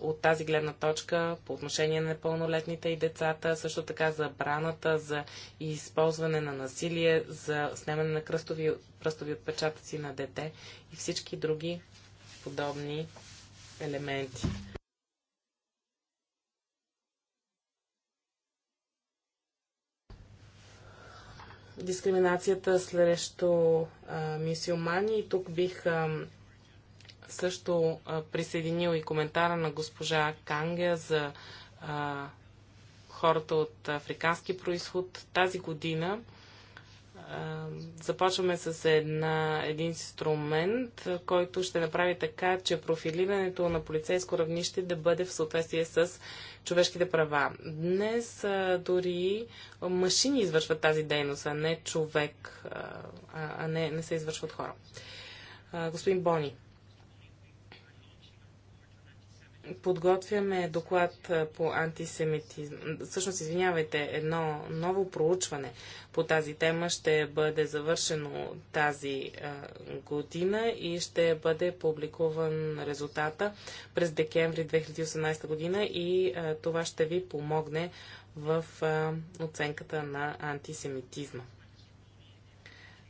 от тази гледна точка по отношение на непълнолетните и децата, също така за браната, за използване на насилие, за снемане на кръстови, кръстови отпечатъци на дете и всички други подобни елементи. дискриминацията срещу мисиомани. И тук бих а, също а, присъединил и коментара на госпожа Канга за а, хората от африкански происход. Тази година започваме с една, един инструмент, който ще направи така, че профилирането на полицейско равнище да бъде в съответствие с човешките права. Днес а, дори машини извършват тази дейност, а не човек, а, а не, не се извършват хора. А, господин Бони подготвяме доклад по антисемитизъм. Всъщност, извинявайте, едно ново проучване по тази тема ще бъде завършено тази година и ще бъде публикуван резултата през декември 2018 година и това ще ви помогне в оценката на антисемитизма.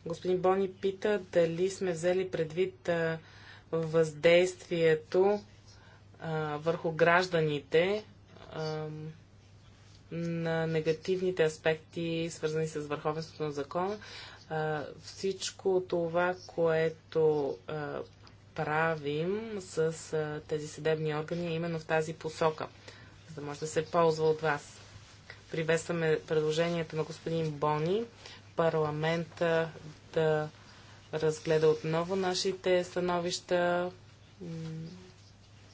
Господин Бони пита дали сме взели предвид въздействието а, върху гражданите а, на негативните аспекти, свързани с върховенството на закона. А, всичко това, което а, правим с а, тези съдебни органи, е именно в тази посока, за да може да се ползва от вас. Приветстваме предложението на господин Бони, парламента да разгледа отново нашите становища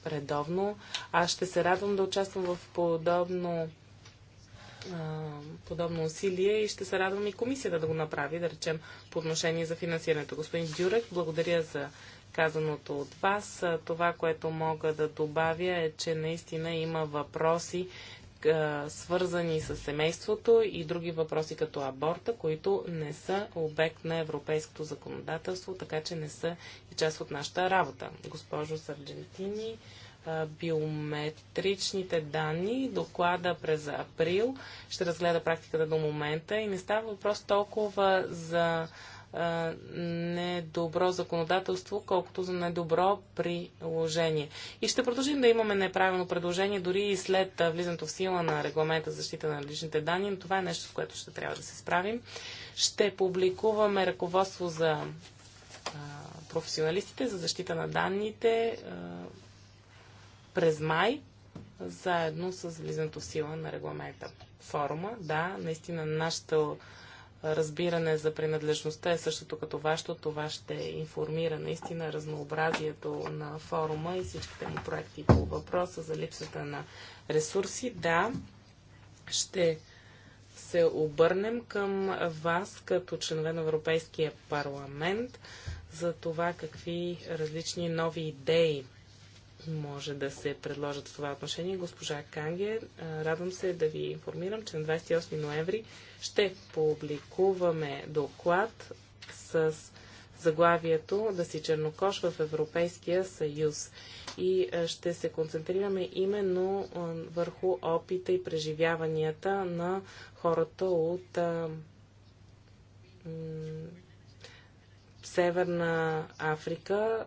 редовно. Аз ще се радвам да участвам в подобно подобно усилие и ще се радвам и комисията да го направи, да речем, по отношение за финансирането. Господин Дюрек, благодаря за казаното от вас. Това, което мога да добавя е, че наистина има въпроси, е, свързани с семейството и други въпроси като аборта, които не са обект на европейското законодателство, така че не са и част от нашата работа. Госпожо Сарджентини, е, биометричните данни, доклада през април, ще разгледа практиката до момента и не става въпрос толкова за е, недобро законодателство, колкото за недобро приложение. И ще продължим да имаме неправилно предложение дори и след е, влизането в сила на регламента за защита на личните данни, но това е нещо, с което ще трябва да се справим. Ще публикуваме ръководство за а, е, професионалистите за защита на данните а, през май, заедно с влизането в сила на регламента. Форума, да, наистина нашата разбиране за принадлежността е същото като вашето. Това ще информира наистина разнообразието на форума и всичките му проекти по въпроса за липсата на ресурси. Да, ще се обърнем към вас като членове на Европейския парламент за това какви различни нови идеи може да се предложат в това отношение. Госпожа Канге, радвам се да ви информирам, че на 28 ноември ще публикуваме доклад с заглавието Да си чернокош в Европейския съюз. И ще се концентрираме именно върху опита и преживяванията на хората от Северна Африка,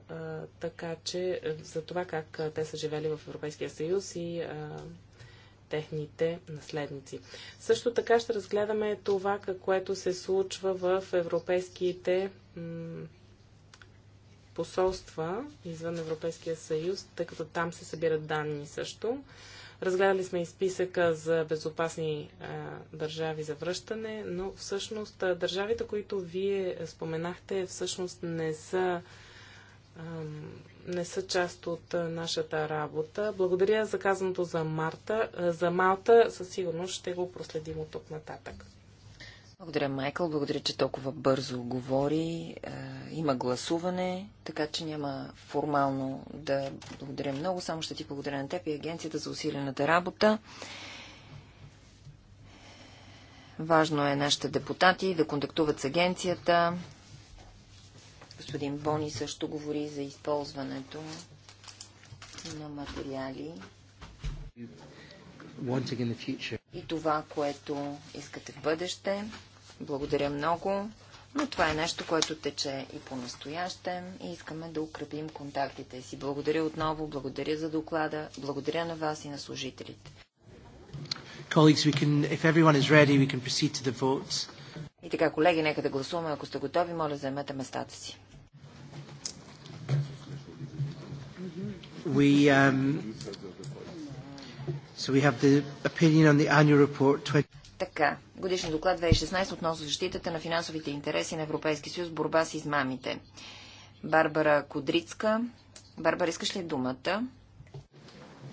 така че за това как те са живели в Европейския съюз и техните наследници. Също така ще разгледаме това, което се случва в европейските посолства извън Европейския съюз, тъй като там се събират данни също. Разгледали сме и списъка за безопасни а, държави за връщане, но всъщност а, държавите, които вие споменахте, всъщност не са, а, не са част от нашата работа. Благодаря за казаното за, Марта, за Малта. Със сигурност ще го проследим от тук нататък.
Благодаря, Майкъл. Благодаря, че толкова бързо говори. Е, има гласуване, така че няма формално да благодаря много. Само ще ти благодаря на теб и агенцията за усилената работа. Важно е нашите депутати да контактуват с агенцията. Господин Бони също говори за използването на материали.
Wanting in the future
и това, което искате в бъдеще. Благодаря много, но това е нещо, което тече и по-настоящем и искаме да укрепим контактите си. Благодаря отново, благодаря за доклада, благодаря на вас и на служителите. И така, колеги, нека да гласуваме. Ако сте готови, моля, заемете местата си.
We, um,
So we have the opinion on the annual report 20...
Така, годишен доклад 2016 относно защитата на финансовите интереси на Европейския съюз, борба с измамите. Барбара Кудрицка. Барбара, искаш ли думата?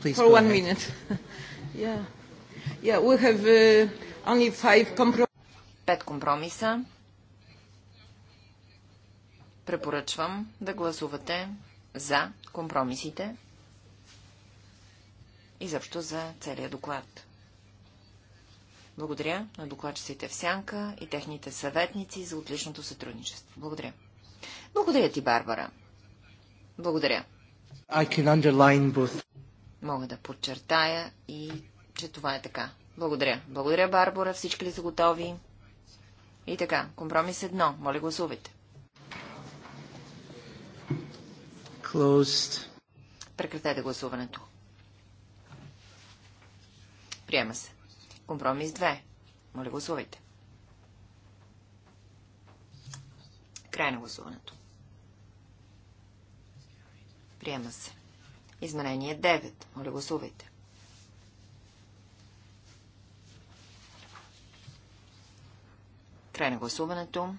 Please, For one minute. yeah. Yeah, we have uh, only five compromises. Пет компромиса. Препоръчвам да гласувате за компромисите и защо за целия доклад. Благодаря на докладчиците в Сянка и техните съветници за отличното сътрудничество. Благодаря. Благодаря ти, Барбара. Благодаря.
I can underline both.
Мога да подчертая и, че това е така. Благодаря. Благодаря, Барбара. Всички ли са готови? И така, компромис едно. Моля, гласувайте.
Closed.
Прекратете гласуването. Приема се. Компромис 2. Моля, гласувайте. Край на гласуването. Приема се. Изменение 9. Моля, гласувайте. Край на гласуването.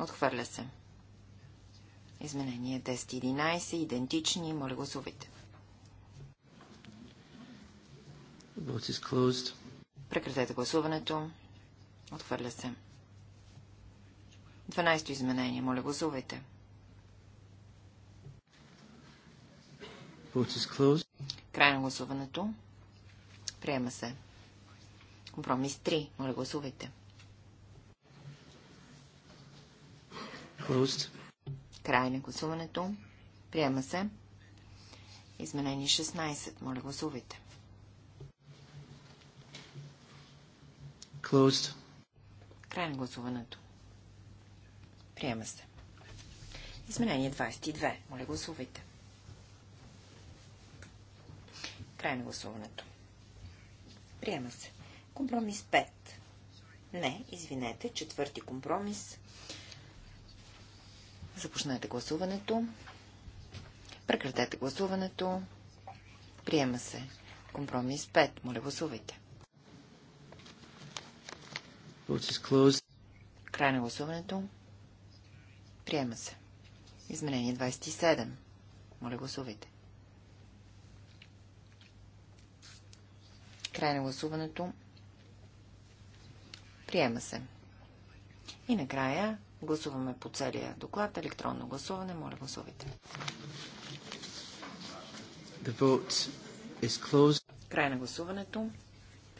Отхвърля се. Изменение 10 и 11. Идентични. Моля, гласувайте. Прекратете гласуването. Отхвърля се. 12 изменение. Моля, гласувайте. Край на гласуването. Приема се. Компромис 3. Моля, гласувайте. Closed. Край на гласуването. Приема се. Изменение 16. Моля, гласувайте. Closed. Край на гласуването. Приема се. Изменение 22. Моля гласувайте. Край на гласуването. Приема се. Компромис 5. Не, извинете, четвърти компромис. Започнете гласуването. Прекратете гласуването. Приема се. Компромис 5. Моля гласувайте. Край на гласуването. Приема се. Изменение 27. Моля, гласувайте. Край на гласуването. Приема се. И накрая гласуваме по целия доклад. Електронно гласуване. Моля, гласувайте. Край на гласуването.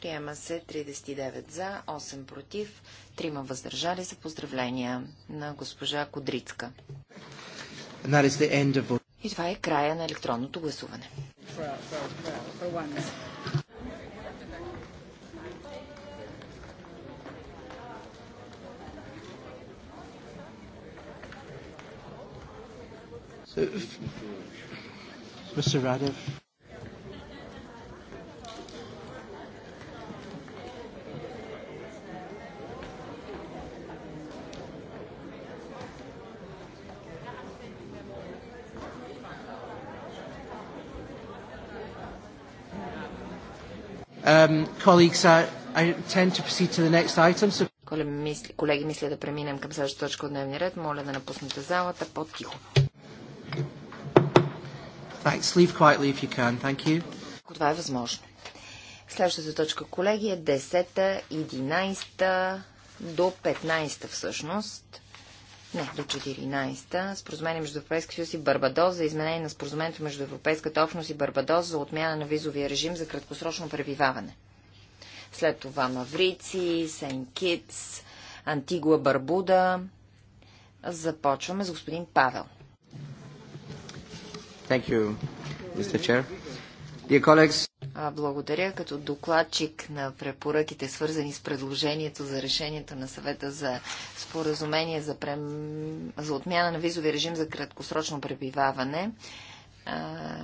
Приема се 39 за, 8 против, 3 въздържали се. Поздравления на госпожа Кодрицка. И това е края на електронното гласуване. Mr. Radev. Um, colleagues, I, I tend to proceed to the next item. So... Колеги, мисля да преминем към следващата точка от дневния ред. Моля да напуснете залата по-тихо.
Thanks. Leave quietly if you can. Thank you.
Ако това е възможно. Следващата точка, колеги, е 10-та, 11-та до 15-та всъщност. Не, до 14-та. Споразумение между Европейския съюз и Барбадос за изменение на споразумението между Европейската общност и Барбадос за отмяна на визовия режим за краткосрочно пребиваване. След това Маврици, Сейн Китс, Антигуа Барбуда. Започваме с господин Павел.
Thank you, Mr. Chair. Dear colleagues,
благодаря. Като докладчик на препоръките, свързани с предложението за решението на съвета за споразумение за, прем... за отмяна на визови режим за краткосрочно пребиваване,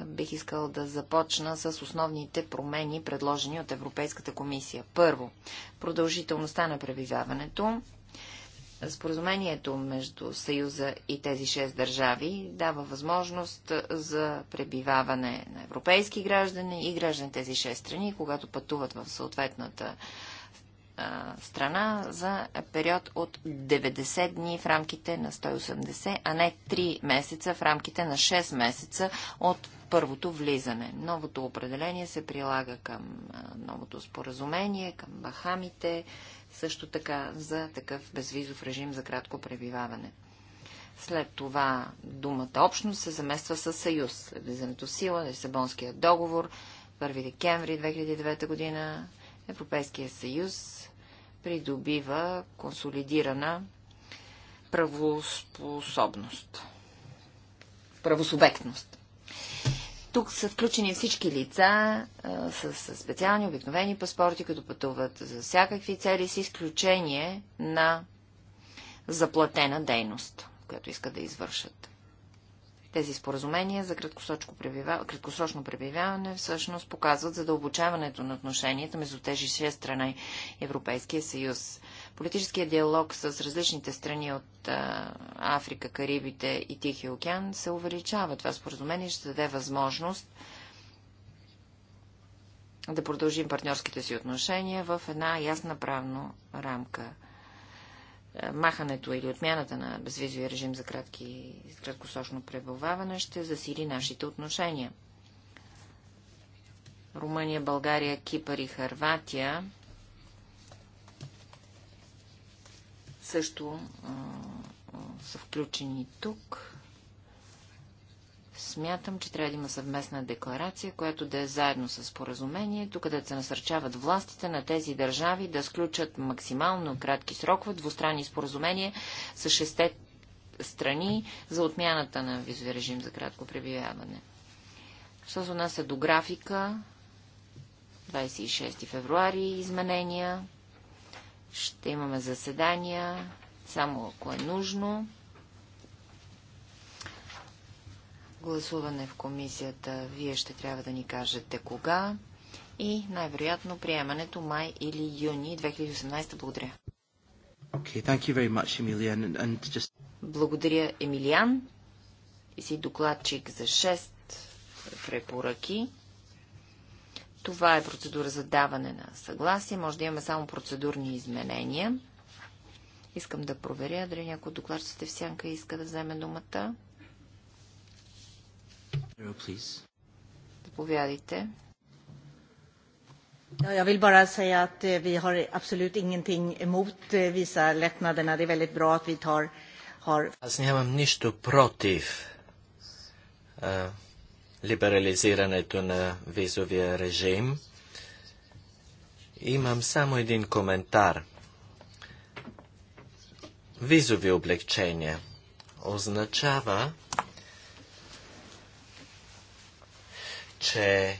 бих искал да започна с основните промени, предложени от Европейската комисия. Първо, продължителността на пребиваването. Споразумението между Съюза и тези шест държави дава възможност за пребиваване на европейски граждани и граждани тези шест страни, когато пътуват в съответната а, страна за период от 90 дни в рамките на 180, а не 3 месеца в рамките на 6 месеца от първото влизане. Новото определение се прилага към а, новото споразумение, към Бахамите, също така за такъв безвизов режим за кратко пребиваване. След това думата общност се замества с Съюз. След влизането сила на Лисабонския договор, 1 декември 2009 година, Европейския съюз придобива консолидирана правоспособност. Правосубектност. Тук са включени всички лица а, с, с специални обикновени паспорти, като пътуват за всякакви цели, с изключение на заплатена дейност, която искат да извършат. Тези споразумения за краткосрочно пребиваване всъщност показват задълбочаването на отношенията между тези шест страна и Европейския съюз. Политическия диалог с различните страни от Африка, Карибите и Тихия океан се увеличава. Това споразумение ще даде възможност да продължим партньорските си отношения в една ясна правно рамка. Махането или отмяната на безвизовия режим за кратки, краткосрочно пребиваване ще засили нашите отношения. Румъния, България, Кипър и Харватия също а, са включени тук. Смятам, че трябва да има съвместна декларация, която да е заедно с споразумението, където се насърчават властите на тези държави да сключат максимално кратки срокове двустранни споразумения с шесте страни за отмяната на визови режим за кратко пребиваване. Що се отнася до графика, 26 февруари изменения, ще имаме заседания, само ако е нужно. Гласуване в комисията вие ще трябва да ни кажете кога и най-вероятно приемането май или юни 2018. Благодаря.
Okay, thank you very much, Emilian. And, and just...
Благодаря, Емилиан. И си докладчик за 6 препоръки. Това е процедура за даване на съгласие. Може да имаме само процедурни изменения. Искам да проверя дали някой от докладчиците в сянка иска да вземе думата. Заповядайте. Ja, jag vill bara säga att eh, vi har absolut ingenting emot eh, vissa lättnaderna. Det är väldigt bra att vi tar... Har... Alltså,
ni har nichts против. Uh либерализирането на визовия режим. Имам само един коментар. Визови облегчения означава, че е,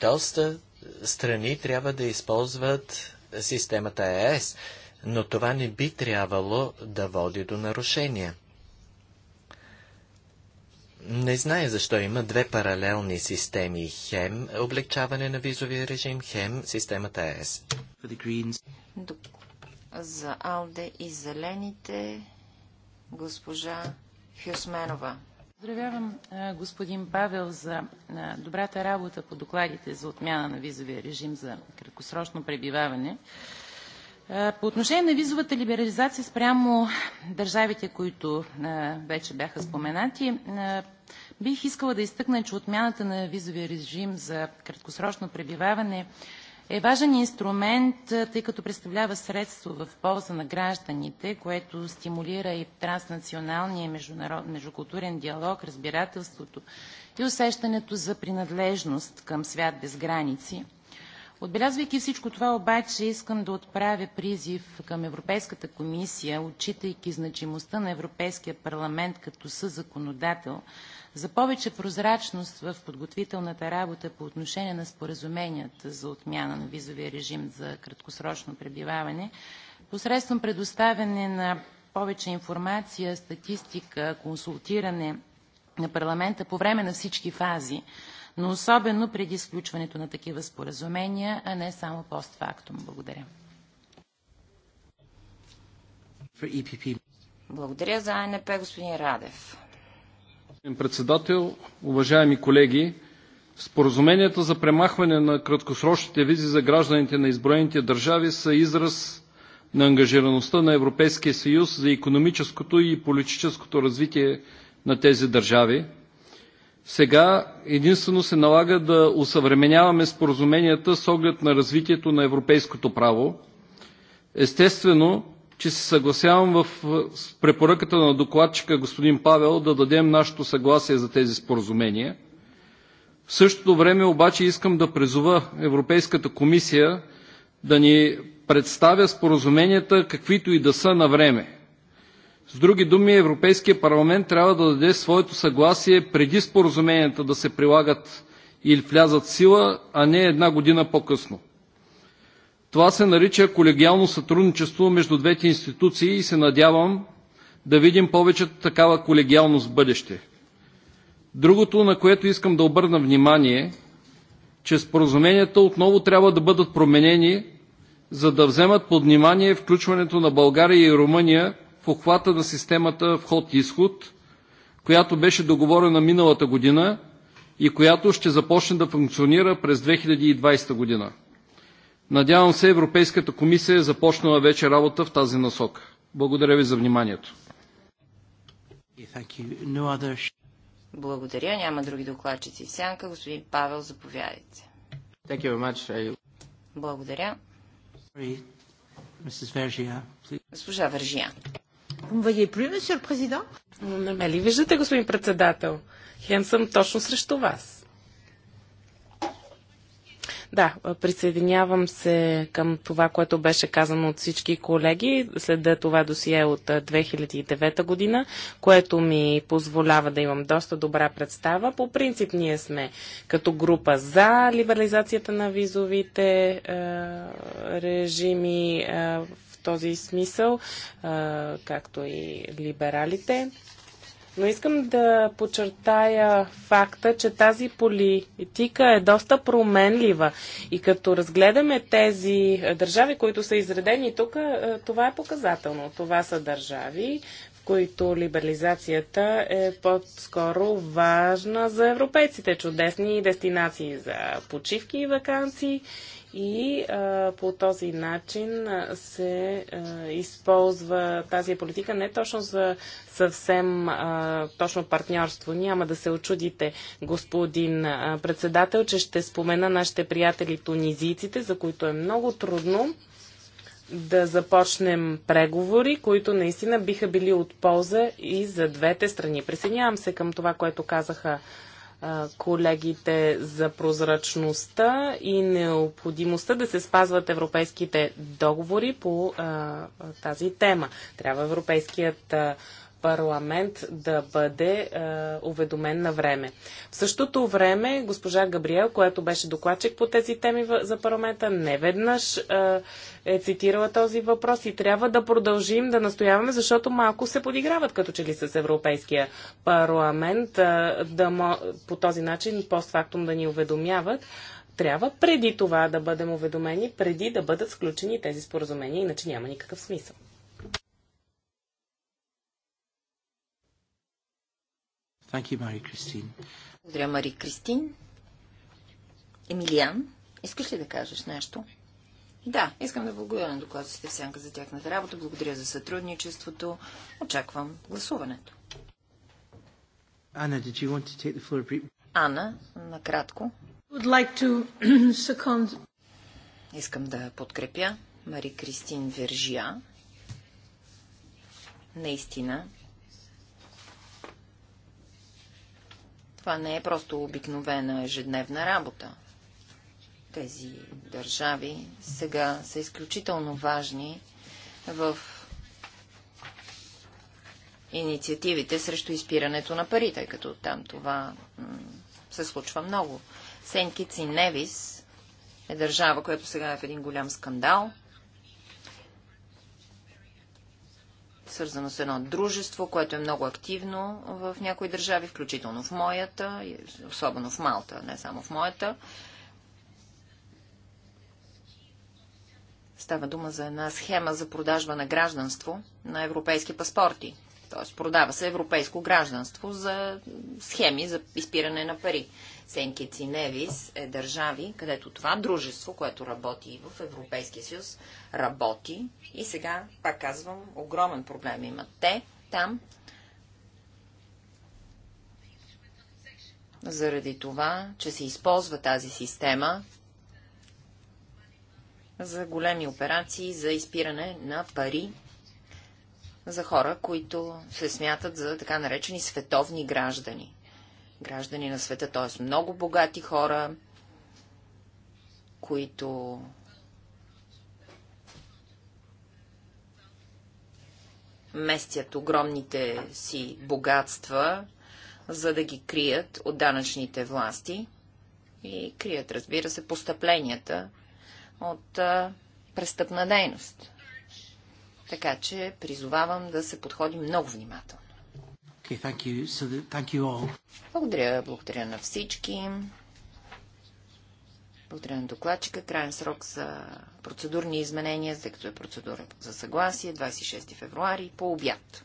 доста страни трябва да използват системата ЕС, но това не би трябвало да води до нарушения. Не знае защо има две паралелни системи. Хем облегчаване на визовия режим, хем системата ЕС.
За Алде и Зелените госпожа
Хюсменова. Поздравявам е, господин Павел за е, добрата работа по докладите за отмяна на визовия режим за краткосрочно пребиваване. Е, по отношение на визовата либерализация спрямо държавите, които е, вече бяха споменати, е, бих искала да изтъкна, че отмяната на визовия режим за краткосрочно пребиваване е важен инструмент, тъй като представлява средство в полза на гражданите, което стимулира и транснационалния международ... междукултурен диалог, разбирателството и усещането за принадлежност към свят без граници – Отбелязвайки всичко това обаче, искам да отправя призив към Европейската комисия, отчитайки значимостта на Европейския парламент като съзаконодател, за повече прозрачност в подготвителната работа по отношение на споразуменията за отмяна на визовия режим за краткосрочно пребиваване, посредством предоставяне на повече информация, статистика, консултиране на парламента по време на всички фази но особено преди сключването на такива споразумения, а не само постфактум. Благодаря. E Благодаря за АНП, господин
Радев.
Господин председател, уважаеми колеги, споразуменията за премахване на краткосрочните визи за гражданите на изброените държави са израз на ангажираността на Европейския съюз за економическото и политическото развитие на тези държави. Сега единствено се налага да усъвременяваме споразуменията с оглед на развитието на европейското право. Естествено, че се съгласявам в препоръката на докладчика господин Павел да дадем нашето съгласие за тези споразумения. В същото време обаче искам да призова Европейската комисия да ни представя споразуменията, каквито и да са на време. С други думи, Европейският парламент трябва да даде своето съгласие преди споразуменията да се прилагат или влязат в сила, а не една година по-късно. Това се нарича колегиално сътрудничество между двете институции и се надявам да видим повече такава колегиалност в бъдеще. Другото, на което искам да обърна внимание, че споразуменията отново трябва да бъдат променени, за да вземат под внимание включването на България и Румъния в охвата на системата вход-изход, която беше договорена миналата година и която ще започне да функционира през 2020 година. Надявам се Европейската комисия е започнала вече работа в тази насока. Благодаря ви за вниманието.
Благодаря. Няма други докладчици в сянка. Господин Павел, заповядайте. Благодаря.
Госпожа Вържия. Не ме ли виждате, господин председател? Хем съм точно срещу вас. Да, присъединявам се към това, което беше казано от всички колеги. След това досие от 2009 година, което ми позволява да имам доста добра представа. По принцип ние сме като група за либерализацията на визовите е, режими е, този смисъл, както и либералите. Но искам да подчертая факта, че тази политика е доста променлива. И като разгледаме тези държави, които са изредени тук, това е показателно. Това са държави, в които либерализацията е по-скоро важна за европейците. Чудесни дестинации за почивки и вакансии и а, по този начин се а, използва тази политика не точно за съвсем а, точно партньорство. Няма да се очудите, господин а, председател, че ще спомена нашите приятели тунизийците, за които е много трудно да започнем преговори, които наистина биха били от полза и за двете страни. Присъединявам се към това, което казаха колегите за прозрачността и необходимостта да се спазват европейските договори по тази тема. Трябва Европейският а, парламент да бъде е, уведомен на време. В същото време госпожа Габриел, която беше докладчик по тези теми за парламента, не веднъж е, е цитирала този въпрос и трябва да продължим да настояваме, защото малко се подиграват като че ли с Европейския парламент е, да, по този начин постфактум да ни уведомяват трябва преди това да бъдем уведомени, преди да бъдат сключени тези споразумения, иначе няма никакъв смисъл.
Thank you,
Благодаря, Мари Кристин. Емилиан, искаш ли да кажеш нещо? Да, искам да благодаря на докладците в сянка за тяхната работа. Благодаря за сътрудничеството. Очаквам гласуването.
Анна, did you want to take the floor?
Анна, накратко. Would like to second... Искам да подкрепя Мари Кристин Вержия. Наистина, Това не е просто обикновена ежедневна работа. Тези държави сега са изключително важни в инициативите срещу изпирането на пари, тъй като там това се случва много. Сенкици Невис е държава, която сега е в един голям скандал. свързано с едно дружество, което е много активно в някои държави, включително в моята, особено в Малта, не само в моята. Става дума за една схема за продажба на гражданство на европейски паспорти. Т.е. продава се европейско гражданство за схеми за изпиране на пари. Сенкици Невис е държави, където това дружество, което работи и в Европейския съюз, работи. И сега, пак казвам, огромен проблем имат те там. Заради това, че се използва тази система за големи операции, за изпиране на пари за хора, които се смятат за така наречени световни граждани граждани на света, т.е. много богати хора, които местят огромните си богатства, за да ги крият от данъчните власти и крият, разбира се, постъпленията от а, престъпна дейност. Така че призовавам да се подходим много внимателно. Okay, thank you. So the, thank you all. Благодаря, благодаря на всички. Благодаря на докладчика. Крайен срок за процедурни изменения, за като е процедура за съгласие, 26 февруари, по обяд.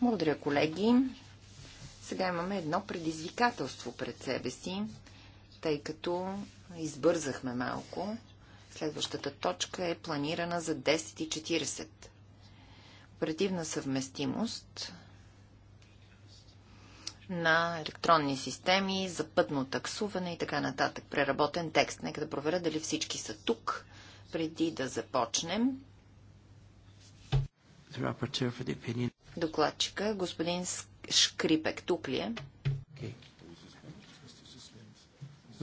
Благодаря, колеги. Сега имаме едно предизвикателство пред себе си, тъй като избързахме малко. Следващата точка е планирана за 10.40. Оперативна съвместимост на електронни системи за пътно таксуване и така нататък. Преработен текст. Нека да проверя дали всички са тук преди да започнем. Докладчика, господин Шкрипек, тук ли е? Okay.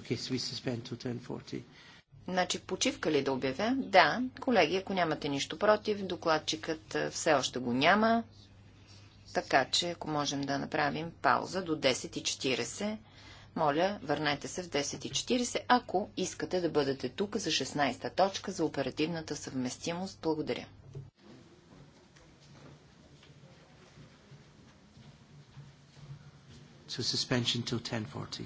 Okay, Значи почивка ли да обявя? Да, колеги, ако нямате нищо против, докладчикът все още го няма. Така че, ако можем да направим пауза до 10.40, моля, върнете се в 10.40, ако искате да бъдете тук за 16-та точка за оперативната съвместимост. Благодаря.
So suspension till 10.40.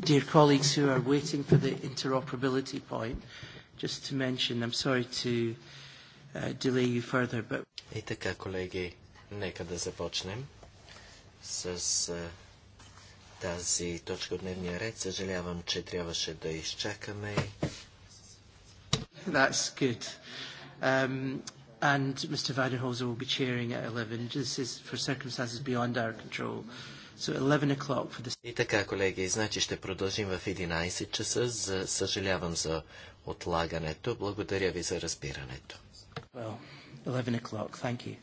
dear colleagues who are waiting for the interoperability point, just to mention, I'm sorry to uh, delay you further, but...
И така, колеги, нека да започнем с uh, тази точка от дневния ред. Съжалявам, че трябваше да изчакаме. That's good. Um, and
Mr. Weidenholzer will be chairing at 11. This is for circumstances beyond our control. Uh,
и така, колеги, значи ще продължим в 11 часа. За, съжалявам за отлагането. Благодаря ви за разбирането.
Well,
11 o'clock. Thank you.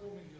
половин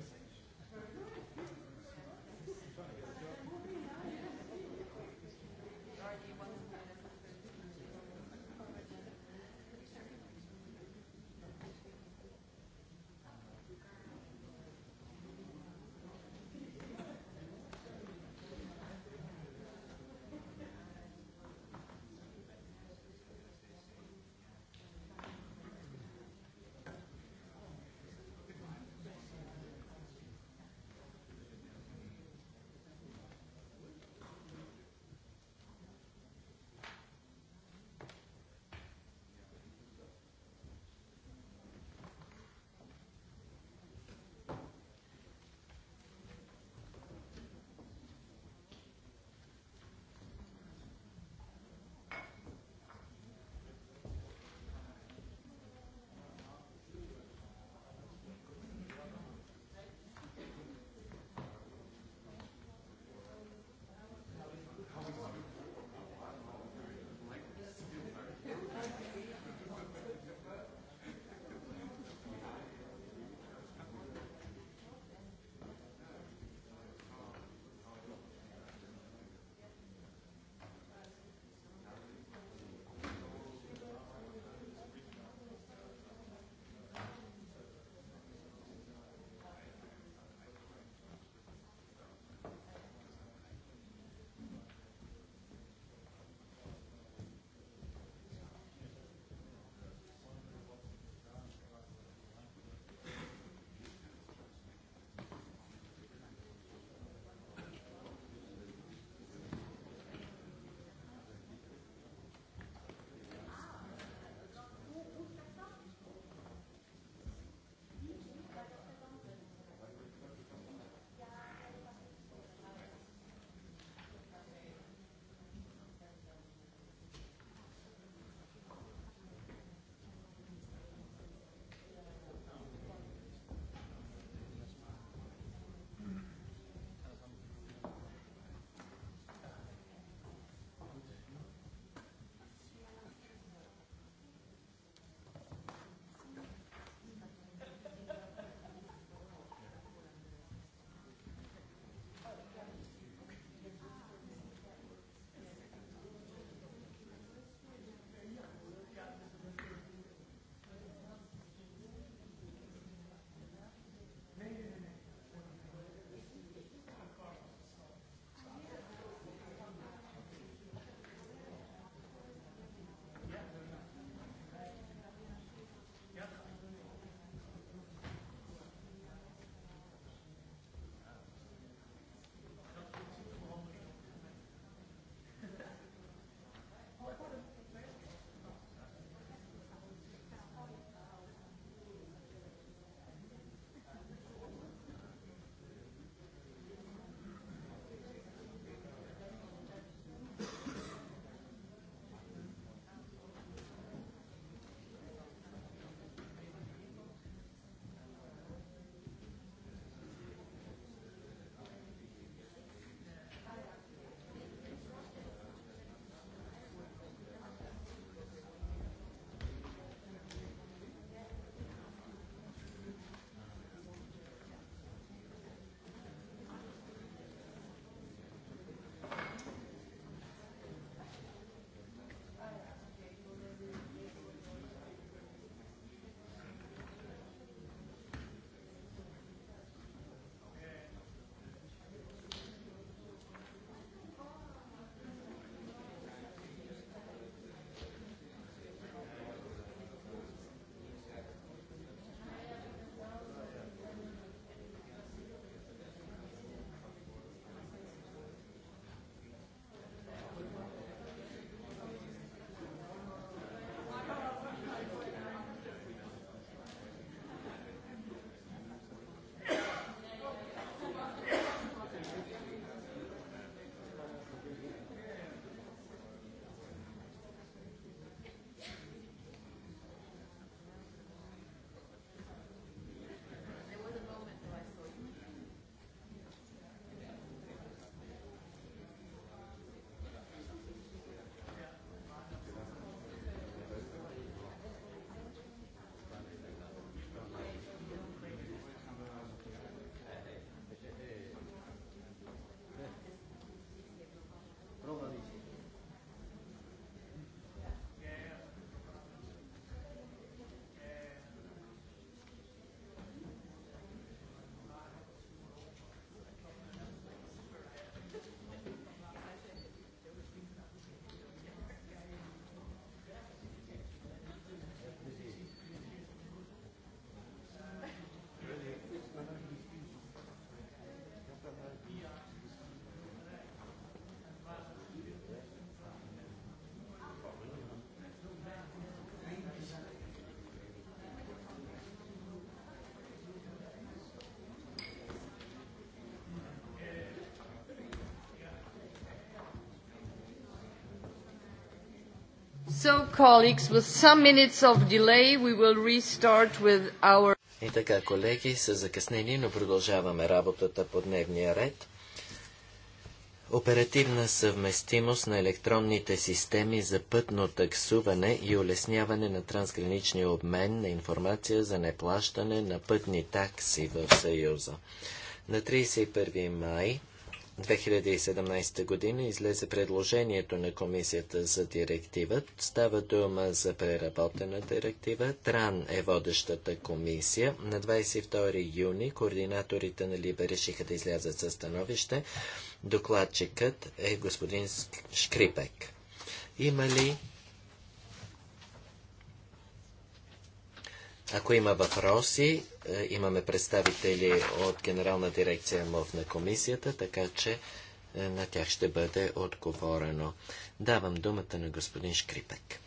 So, colleagues, with some minutes of delay, we
will restart with our... И така, колеги, са закъснени, но продължаваме работата по дневния ред. Оперативна съвместимост на електронните системи за пътно таксуване и улесняване на трансграничния обмен на информация за неплащане на пътни такси в Съюза. На 31 май 2017 година излезе предложението на комисията за директива. Става дума за преработена директива. Тран е водещата комисия. На 22 юни координаторите на Либе решиха да излязат със становище. Докладчикът е господин Шкрипек. Има ли Ако има въпроси, е, имаме представители от Генерална дирекция МОВ на комисията, така че е, на тях ще бъде отговорено. Давам думата на господин Шкрипек.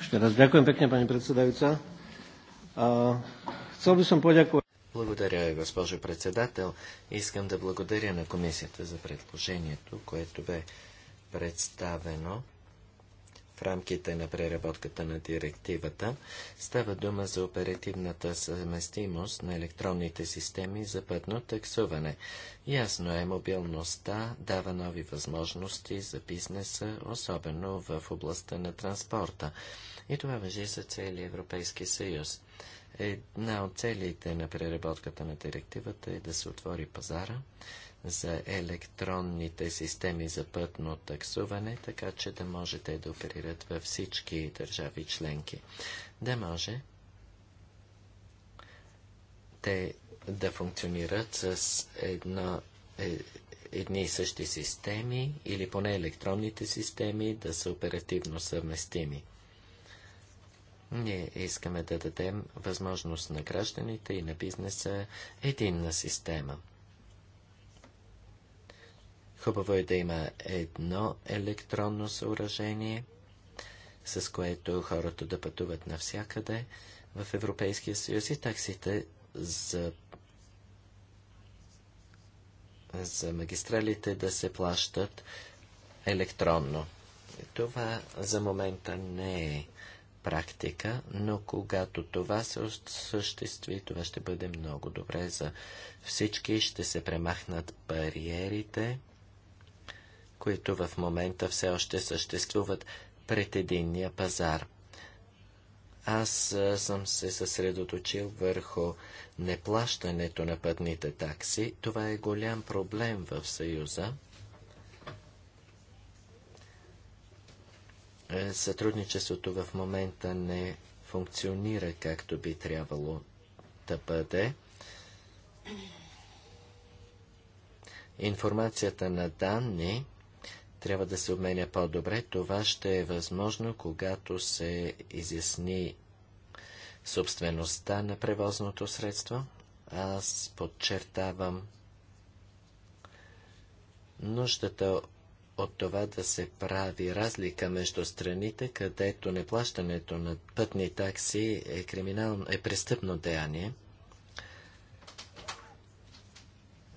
Ще раз пекне, пани председавица. Chcel би съм poďakovať. Благодаря, госпожо председател. Искам да благодаря на комисията за предложението, което бе представено. В рамките на преработката на директивата става дума за оперативната съвместимост на електронните системи за пътно таксуване. Ясно е, мобилността дава нови възможности за бизнеса, особено в областта на транспорта. И това въжи за целия Европейски съюз. Една от целите на преработката на директивата е да се отвори пазара, за електронните системи за пътно таксуване, така че да може те да оперират във всички държави членки. Да може те да функционират с едно, е, едни и същи системи или поне електронните системи да са оперативно съвместими. Ние искаме да дадем възможност на гражданите и на бизнеса единна система – Хубаво е да има едно електронно съоръжение, с което хората да пътуват навсякъде в Европейския съюз и таксите за, за магистралите да се плащат електронно. Това за момента не е практика, но когато това се осъществи, това ще бъде много добре за всички, ще се премахнат бариерите които в момента все още съществуват пред единния пазар. Аз съм се съсредоточил върху неплащането на пътните такси. Това е голям проблем в Съюза. Е, сътрудничеството в момента не функционира както би трябвало да бъде. Информацията на данни трябва да се обменя по-добре. Това ще е възможно, когато се изясни собствеността на превозното средство. Аз подчертавам нуждата от това да се прави разлика между страните, където неплащането на пътни такси е, криминално, е престъпно деяние.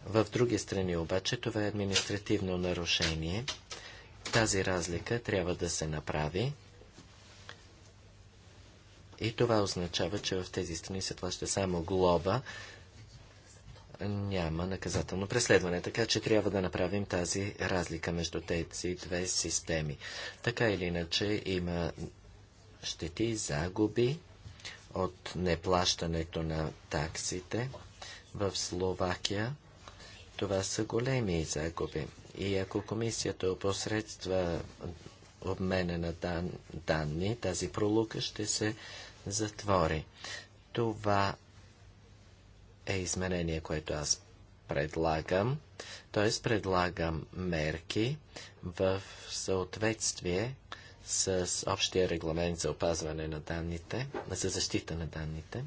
В други страни обаче това е административно нарушение – тази разлика трябва да се направи. И това означава, че в тези страни се плаща само глоба, няма наказателно преследване, така че трябва да направим тази разлика между тези две системи. Така или иначе има щети, загуби от неплащането на таксите. В Словакия това са големи загуби. И ако комисията опосредства обмена на дан, данни, тази пролука ще се затвори. Това е изменение, което аз предлагам. Т.е. предлагам мерки в съответствие с общия регламент за опазване на данните, за защита на данните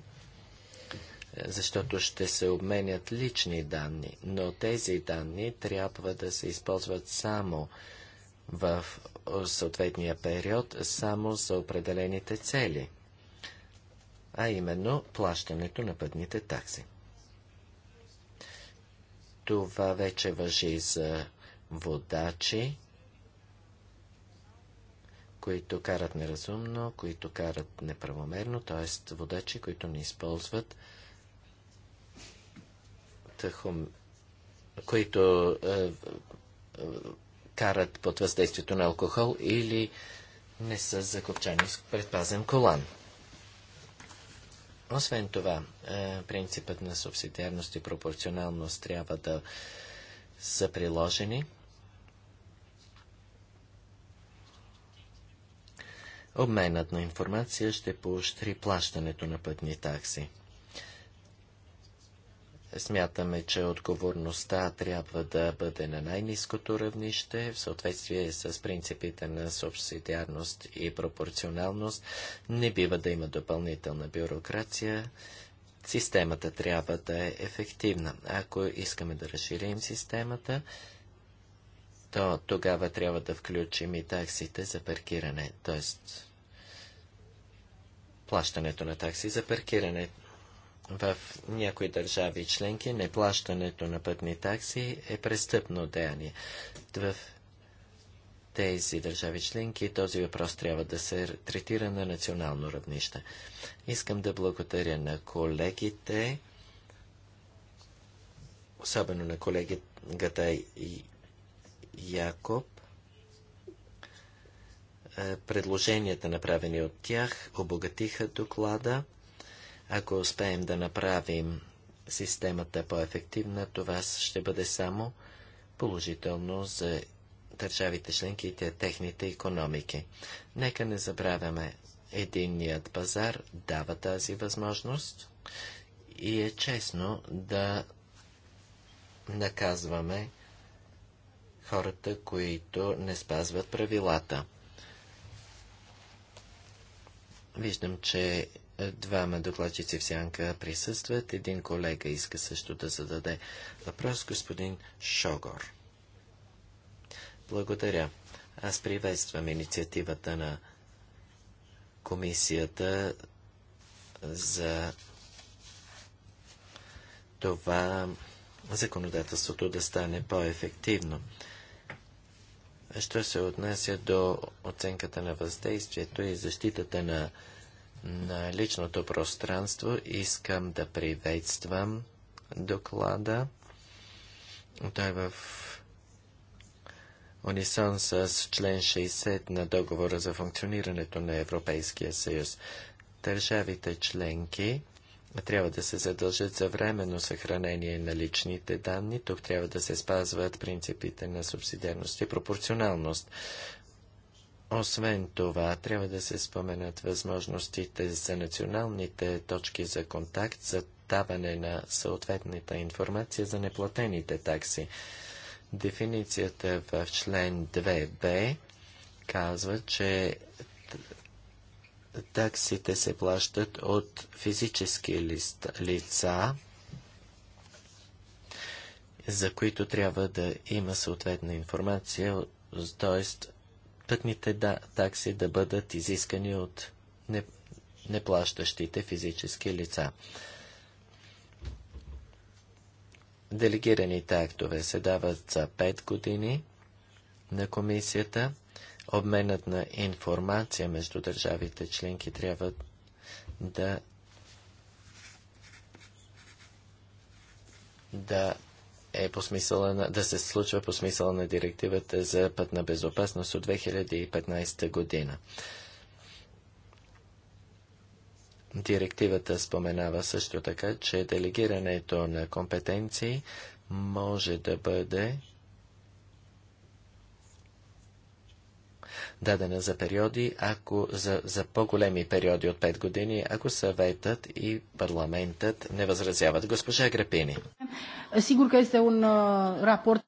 защото ще се обменят лични данни, но тези данни трябва да се използват само в съответния период, само за определените цели, а именно плащането на пътните такси. Това вече въжи за водачи, които карат неразумно, които карат неправомерно, т.е. водачи, които не използват хум... които е, е, карат под въздействието на алкохол или не са закопчани с предпазен колан. Освен това, е, принципът на субсидиарност и пропорционалност трябва да са приложени. Обменът на информация ще поощри плащането на пътни такси. Смятаме, че отговорността трябва да бъде на най-низкото равнище в съответствие с принципите на субсидиарност и пропорционалност. Не бива да има допълнителна бюрокрация. Системата трябва да е ефективна. Ако искаме да разширим системата, то тогава трябва да включим и таксите за паркиране, т.е. плащането на такси за паркиране. В някои държави членки неплащането на пътни такси е престъпно деяние. В тези държави членки този въпрос трябва да се третира на национално равнище. Искам да благодаря на колегите, особено на колегата Якоб. Е, предложенията, направени от тях, обогатиха доклада. Ако успеем да направим системата по-ефективна, това ще бъде само положително за държавите членки и техните економики. Нека не забравяме, единният пазар дава тази възможност и е честно да наказваме хората, които не спазват правилата. Виждам, че Двама докладчици в сянка присъстват. Един колега иска също да зададе въпрос, господин Шогор. Благодаря. Аз приветствам инициативата на комисията за това законодателството да стане по-ефективно. Що се отнася до оценката на въздействието и защитата на на личното пространство. Искам да приветствам доклада. Той е в унисон с член 60 на договора за функционирането на Европейския съюз. Държавите членки трябва да се задължат за временно съхранение на личните данни. Тук трябва да се спазват принципите на субсидиарност и пропорционалност. Освен това, трябва да се споменат възможностите за националните точки за контакт за даване на съответната информация за неплатените такси. Дефиницията в член 2б казва, че таксите се плащат от физически лица, за които трябва да има съответна информация, т.е пътните да, такси да бъдат изискани от не, неплащащите физически лица. Делегираните актове се дават за 5 години на комисията. Обменът на информация между държавите членки трябва да да е по смисъла на, да се случва по смисъла на директивата за пътна безопасност от 2015 година. Директивата споменава също така, че делегирането на компетенции може да бъде дадена за периоди, ако за, за по-големи периоди от 5 години, ако съветът и парламентът не възразяват. Госпожа Грепини,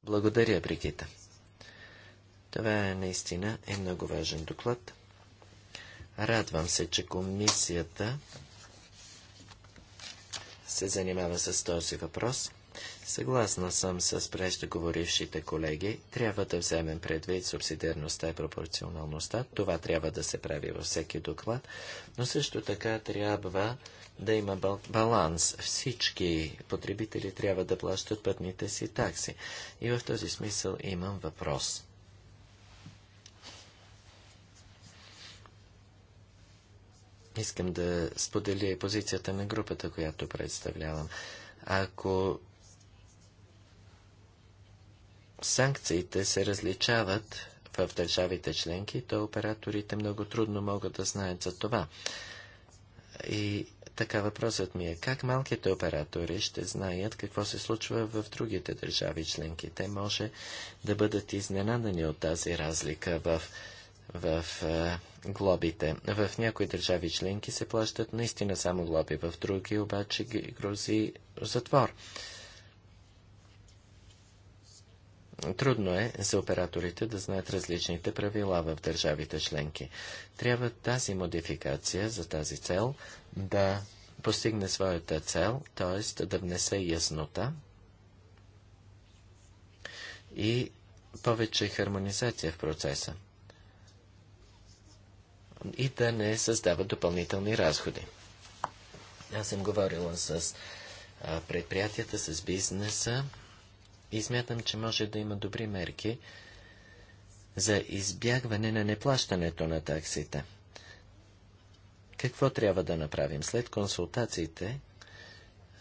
Благодаря, Бригита. Това е наистина е много важен доклад. Радвам се, че комисията се занимава с този въпрос. Съгласна съм с преждеговорившите колеги, трябва да вземем предвид субсидиарността и пропорционалността. Това трябва да се прави във всеки доклад, но също така трябва да има баланс. Всички потребители трябва да плащат пътните си такси. И в този смисъл имам въпрос. Искам да споделя позицията на групата, която представлявам. Ако Санкциите се различават в държавите членки, то операторите много трудно могат да знаят за това. И така въпросът ми е, как малките оператори ще знаят какво се случва в другите държави членки? Те може да бъдат изненадани от тази разлика в, в е, глобите. В някои държави членки се плащат наистина само глоби, в други обаче грози затвор. Трудно е за операторите да знаят различните правила в държавите членки. Трябва тази модификация за тази цел да постигне своята цел, т.е. да внесе яснота и повече хармонизация в процеса и да не създава допълнителни разходи. Аз съм говорила с предприятията, с бизнеса, и смятам, че може да има добри мерки за избягване на неплащането на таксите. Какво трябва да направим? След консултациите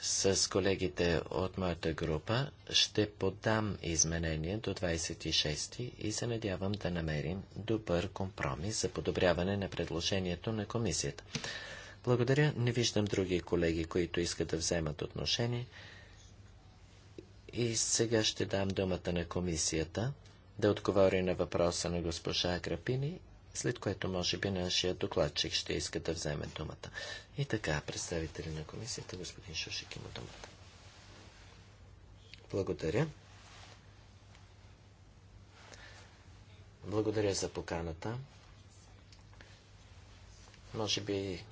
с колегите от моята група ще подам изменение до 26 и се надявам да намерим добър компромис за подобряване на предложението на комисията. Благодаря, не виждам други колеги, които искат да вземат отношение. И сега ще дам думата на комисията да отговори на въпроса на госпожа Грапини, след което може би нашия докладчик ще иска да вземе думата. И така, представители на комисията, господин Шушик има думата. Благодаря. Благодаря за поканата. Може би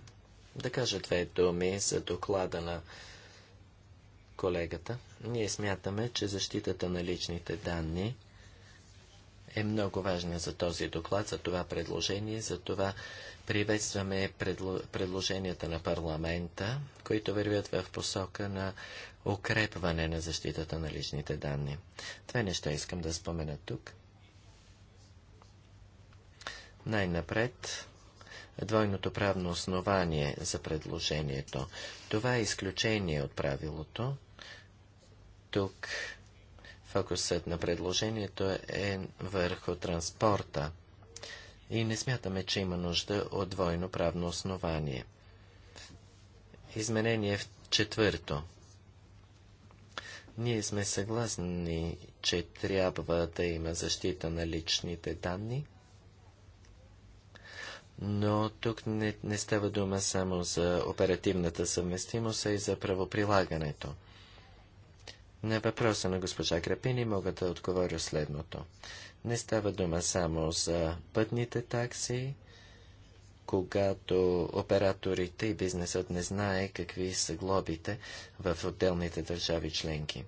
да кажа две думи за доклада на колегата. Ние смятаме, че защитата на личните данни е много важна за този доклад, за това предложение, за това приветстваме предложенията на парламента, които вървят в посока на укрепване на защитата на личните данни. Две неща искам да спомена тук. Най-напред двойното правно основание за предложението. Това е изключение от правилото, тук фокусът на предложението е върху транспорта и не смятаме, че има нужда от двойно правно основание. Изменение в четвърто. Ние сме съгласни, че трябва да има защита на личните данни, но тук не, не става дума само за оперативната съвместимост, а и за правоприлагането. На въпроса на госпожа Крапини мога да отговоря следното. Не става дума само за пътните такси, когато операторите и бизнесът не знае какви са глобите в отделните държави членки.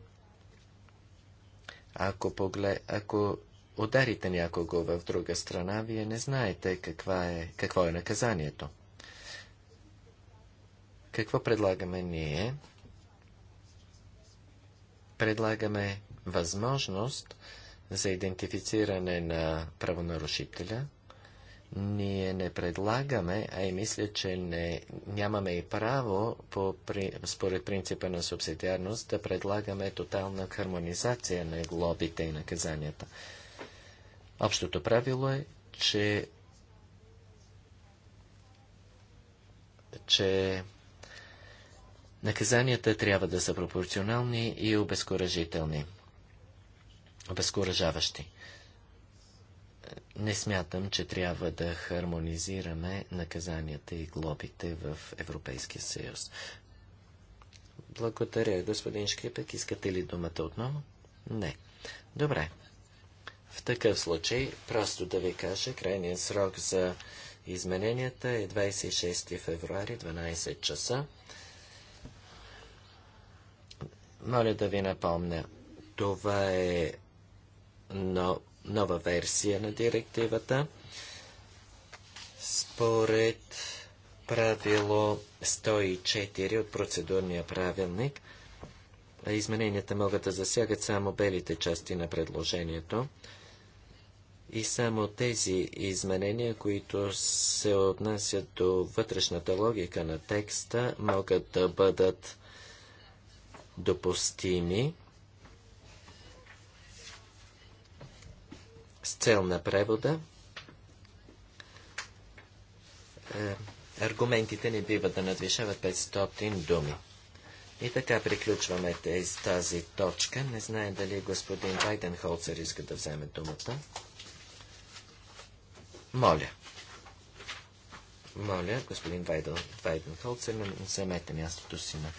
Ако, погле... ако ударите някого в друга страна, вие не знаете каква е... какво е наказанието. Какво предлагаме ние? предлагаме възможност за идентифициране на правонарушителя. Ние не предлагаме, а и мисля, че не, нямаме и право, по, при, според принципа на субсидиарност, да предлагаме тотална хармонизация на глобите и наказанията. Общото правило е, че че Наказанията трябва да са пропорционални и обезкуражителни. Обезкуражаващи. Не смятам, че трябва да хармонизираме наказанията и глобите в Европейския съюз. Благодаря, господин Шкрипек. Искате ли думата отново? Не. Добре. В такъв случай, просто да ви кажа, крайният срок за измененията е 26 февруари, 12 часа. Моля да ви напомня, това е но, нова версия на директивата. Според правило 104 от процедурния правилник, измененията могат да засягат само белите части на предложението и само тези изменения, които се отнасят до вътрешната логика на текста, могат да бъдат допустими с цел на превода. Е, аргументите не бива да надвишават 500 думи. И така приключваме с тази точка. Не знае дали господин Вайденхолцер иска да вземе думата. Моля. Моля, господин Вайден, Вайденхолцер, вземете мястото си на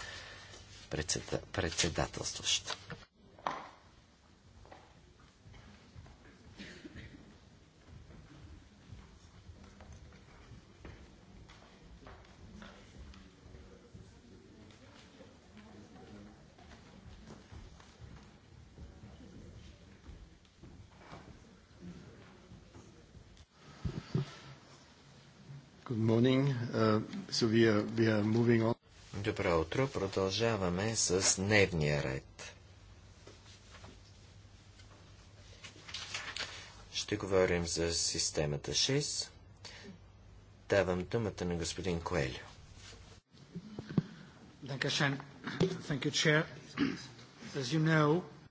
председателстващ.
Good morning. So we are moving on.
Добро утро. Продължаваме с дневния ред. Ще говорим за системата 6. Давам думата на господин Коелю.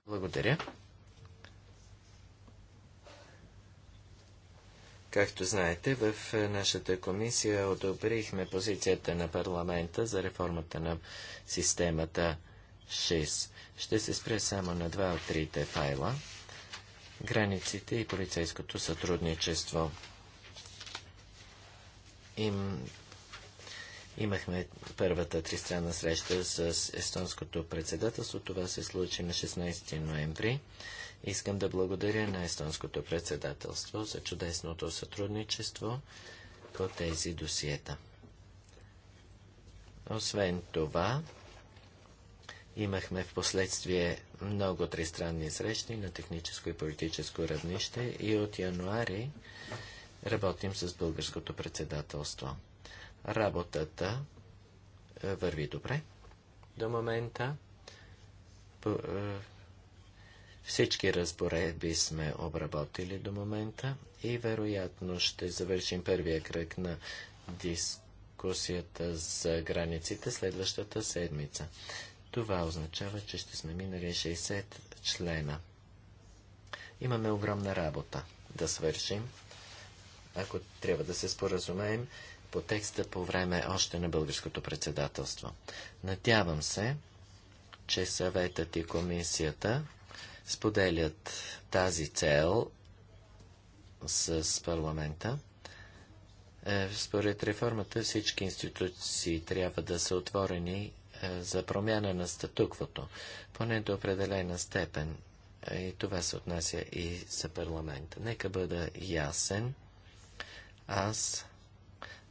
Благодаря. Както знаете, в е, нашата комисия одобрихме позицията на парламента за реформата на системата 6. Ще се спре само на два от трите файла – границите и полицейското сътрудничество. Им... Имахме първата тристранна среща с естонското председателство. Това се случи на 16 ноември. Искам да благодаря на естонското председателство за чудесното сътрудничество по тези досиета. Освен това, имахме в последствие много тристранни срещи на техническо и политическо равнище и от януари работим с българското председателство. Работата е, върви добре до момента. По, е, всички разпоредби сме обработили до момента и вероятно ще завършим първия кръг на дискусията за границите следващата седмица. Това означава, че ще сме минали 60 члена. Имаме огромна работа да свършим, ако трябва да се споразумеем по текста по време още на българското председателство. Надявам се, че съветът и комисията споделят тази цел с парламента. Е, според реформата всички институции трябва да са отворени е, за промяна на статуквото, поне до определена степен. Е, и това се отнася и за парламента. Нека бъда ясен. Аз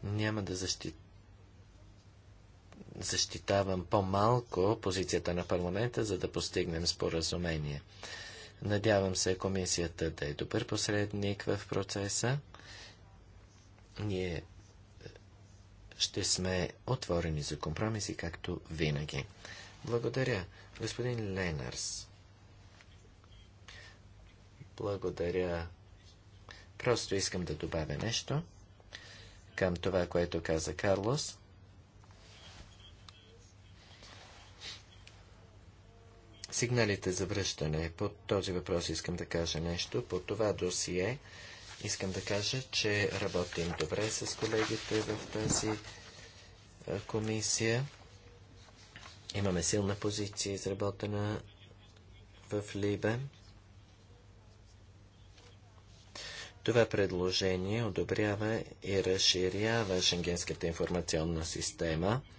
няма да защитя защитавам по-малко позицията на парламента, за да постигнем споразумение. Надявам се комисията да е добър посредник в процеса. Ние ще сме отворени за компромиси, както винаги. Благодаря, господин Ленарс. Благодаря. Просто искам да добавя нещо към това, което каза Карлос. сигналите за връщане. По този въпрос искам да кажа нещо. По това досие искам да кажа, че работим добре с колегите в тази е, комисия. Имаме силна позиция, изработена в Либе. Това предложение одобрява и разширява Шенгенската информационна система –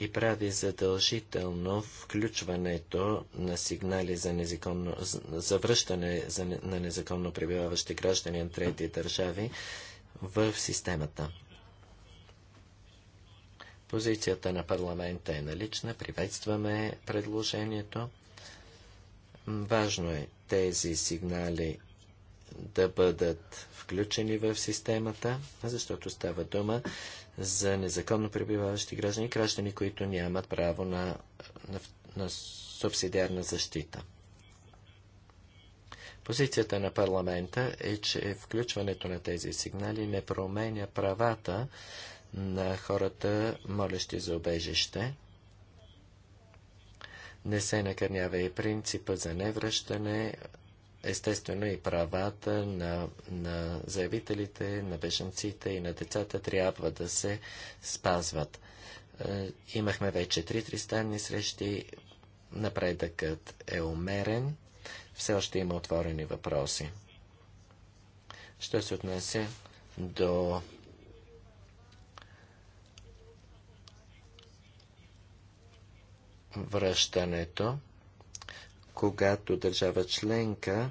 и прави задължително включването на сигнали за, незаконно, за връщане за, на незаконно пребиваващи граждани на трети държави в системата. Позицията на парламента е налична. Приветстваме предложението. Важно е тези сигнали да бъдат включени в системата, защото става дума за незаконно пребиваващи граждани, граждани, които нямат право на, на, на субсидиарна защита. Позицията на парламента е, че включването на тези сигнали не променя правата на хората, молещи за обежище. Не се накърнява и принципа за невръщане, Естествено и правата на, на заявителите, на бежанците и на децата трябва да се спазват. Е, имахме вече три тристанни срещи, напредъкът е умерен, все още има отворени въпроси. Що се отнася до връщането, когато държава членка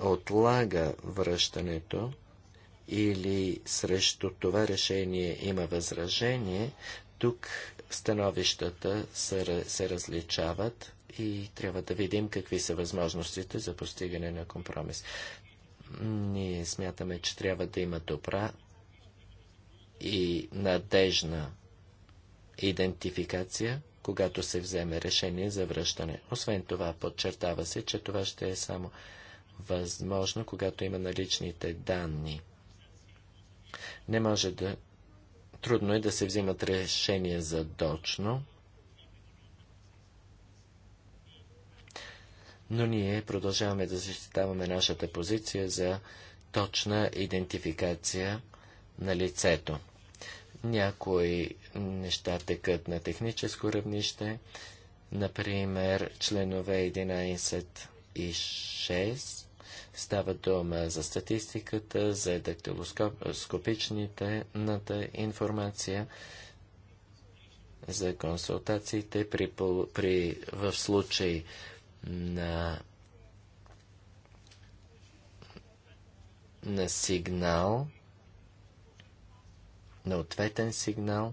отлага връщането или срещу това решение има възражение, тук становищата се, се различават и трябва да видим какви са възможностите за постигане на компромис. Ние смятаме, че трябва да има добра и надежна идентификация когато се вземе решение за връщане. Освен това, подчертава се, че това ще е само възможно, когато има наличните данни. Не може да... Трудно е да се взимат решения дочно, но ние продължаваме да защитаваме нашата позиция за точна идентификация на лицето. Някои неща текат на техническо равнище, например членове 11 и 6 Става дума за статистиката, за дактилоскопичната информация, за консултациите при, при, в случай на, на сигнал – на ответен сигнал.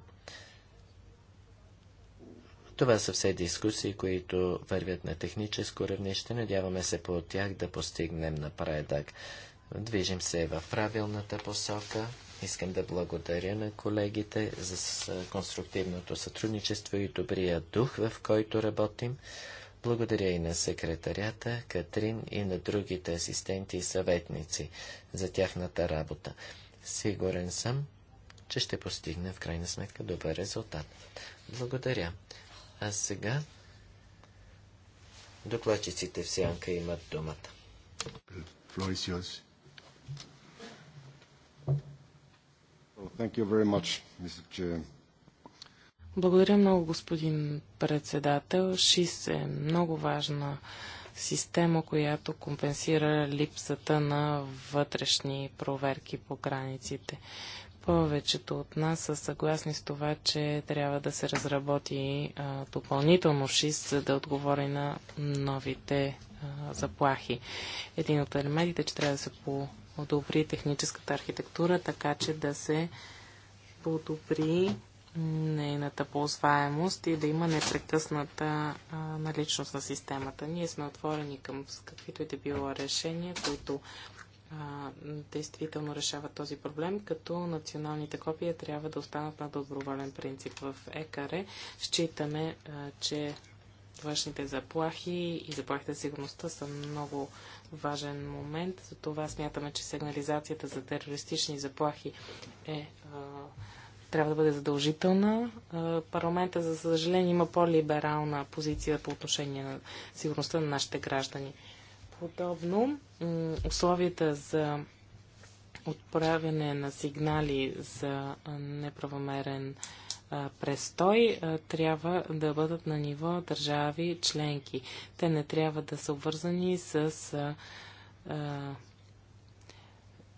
Това са все дискусии, които вървят на техническо равнище. Надяваме се по тях да постигнем напредък. Движим се в правилната посока. Искам да благодаря на колегите за конструктивното сътрудничество и добрия дух, в който работим. Благодаря и на секретарята, Катрин и на другите асистенти и съветници за тяхната работа. Сигурен съм, че ще постигне в крайна сметка добър резултат. Благодаря. А сега докладчиците в сянка имат думата.
Благодаря много, господин председател. ШИС е много важна система, която компенсира липсата на вътрешни проверки по границите. Повечето от нас са съгласни с това, че трябва да се разработи а, допълнително шист, за да отговори на новите а, заплахи. Един от елементите, че трябва да се подобри техническата архитектура, така че да се подобри нейната ползваемост и да има непрекъсната а, наличност на системата. Ние сме отворени към каквито и да било решения, които действително решават този проблем, като националните копия трябва да останат на доброволен принцип. В ЕКАРЕ считаме, че външните заплахи и заплахите за сигурността са много важен момент. За това смятаме, че сигнализацията за терористични заплахи е, е, трябва да бъде задължителна. Е, парламента, за съжаление, има по-либерална позиция по отношение на сигурността на нашите граждани подобно. Условията за отправяне на сигнали за неправомерен престой трябва да бъдат на ниво държави членки. Те не трябва да са обвързани с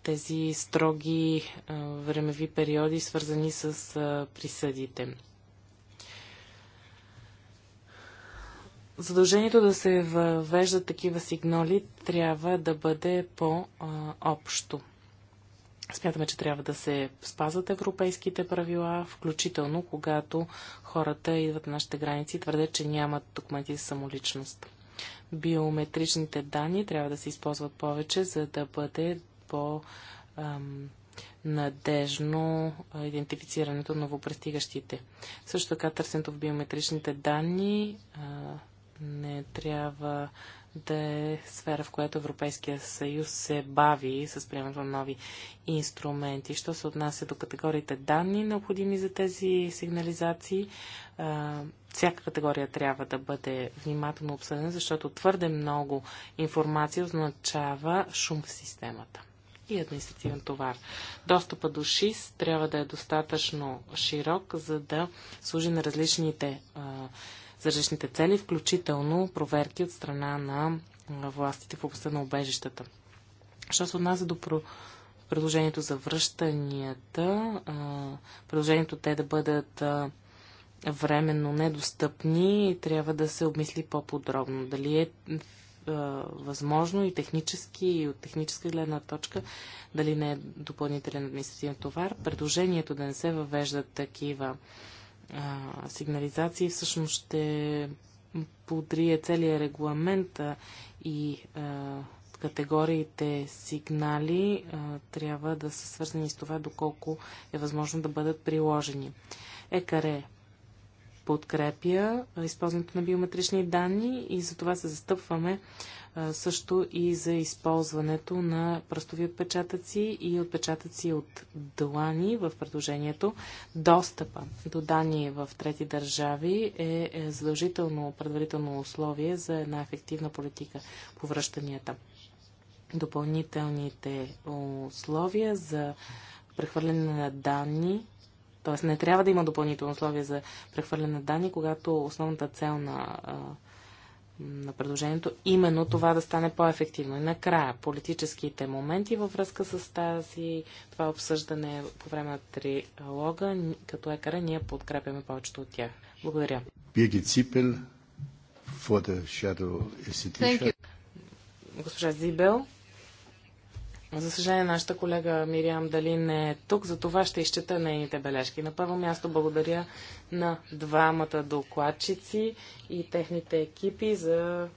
тези строги времеви периоди, свързани с присъдите. задължението да се въвеждат такива сигнали трябва да бъде по-общо. Смятаме, че трябва да се спазват европейските правила, включително когато хората идват на нашите граници и твърдят, че нямат документи за самоличност. Биометричните данни трябва да се използват повече, за да бъде по- надежно идентифицирането на новопрестигащите. Също така търсенето в биометричните данни а, не трябва да е сфера, в която Европейския съюз се бави с приемането на нови инструменти. Що се отнася до категориите данни, необходими за тези сигнализации, всяка категория трябва да бъде внимателно обсъдена, защото твърде много информация означава шум в системата и административен товар. Достъпа до ШИС трябва да е достатъчно широк, за да служи на различните а, различните цели, включително проверки от страна на властите в областта на убежищата. Що се отнася до предложението за връщанията, предложението те да бъдат временно недостъпни, и трябва да се обмисли по-подробно. Дали е възможно и технически, и от техническа гледна точка, дали не е допълнителен административен товар. Предложението да не се въвеждат такива сигнализации всъщност ще подрие целият регламент и а, категориите сигнали а, трябва да са свързани с това, доколко е възможно да бъдат приложени. ЕКАРЕ подкрепя използването на биометрични данни и за това се застъпваме също и за използването на пръстови отпечатъци и отпечатъци от длани в предложението. Достъпа до данни в трети държави е, е задължително предварително условие за една ефективна политика по връщанията. Допълнителните условия за прехвърляне на данни Тоест не трябва да има допълнително условие за прехвърляне на данни, когато основната цел на, на предложението е именно това да стане по-ефективно. И накрая, политическите моменти във връзка с тази, това обсъждане по време на трилога, като екара, ние подкрепяме повечето от тях. Благодаря.
Биргит Ципел, for the shadow
Госпожа Зибел, за съжаление, нашата колега Мириам Дали не е тук, за това ще изчета нейните бележки. На първо място благодаря на двамата докладчици и техните екипи за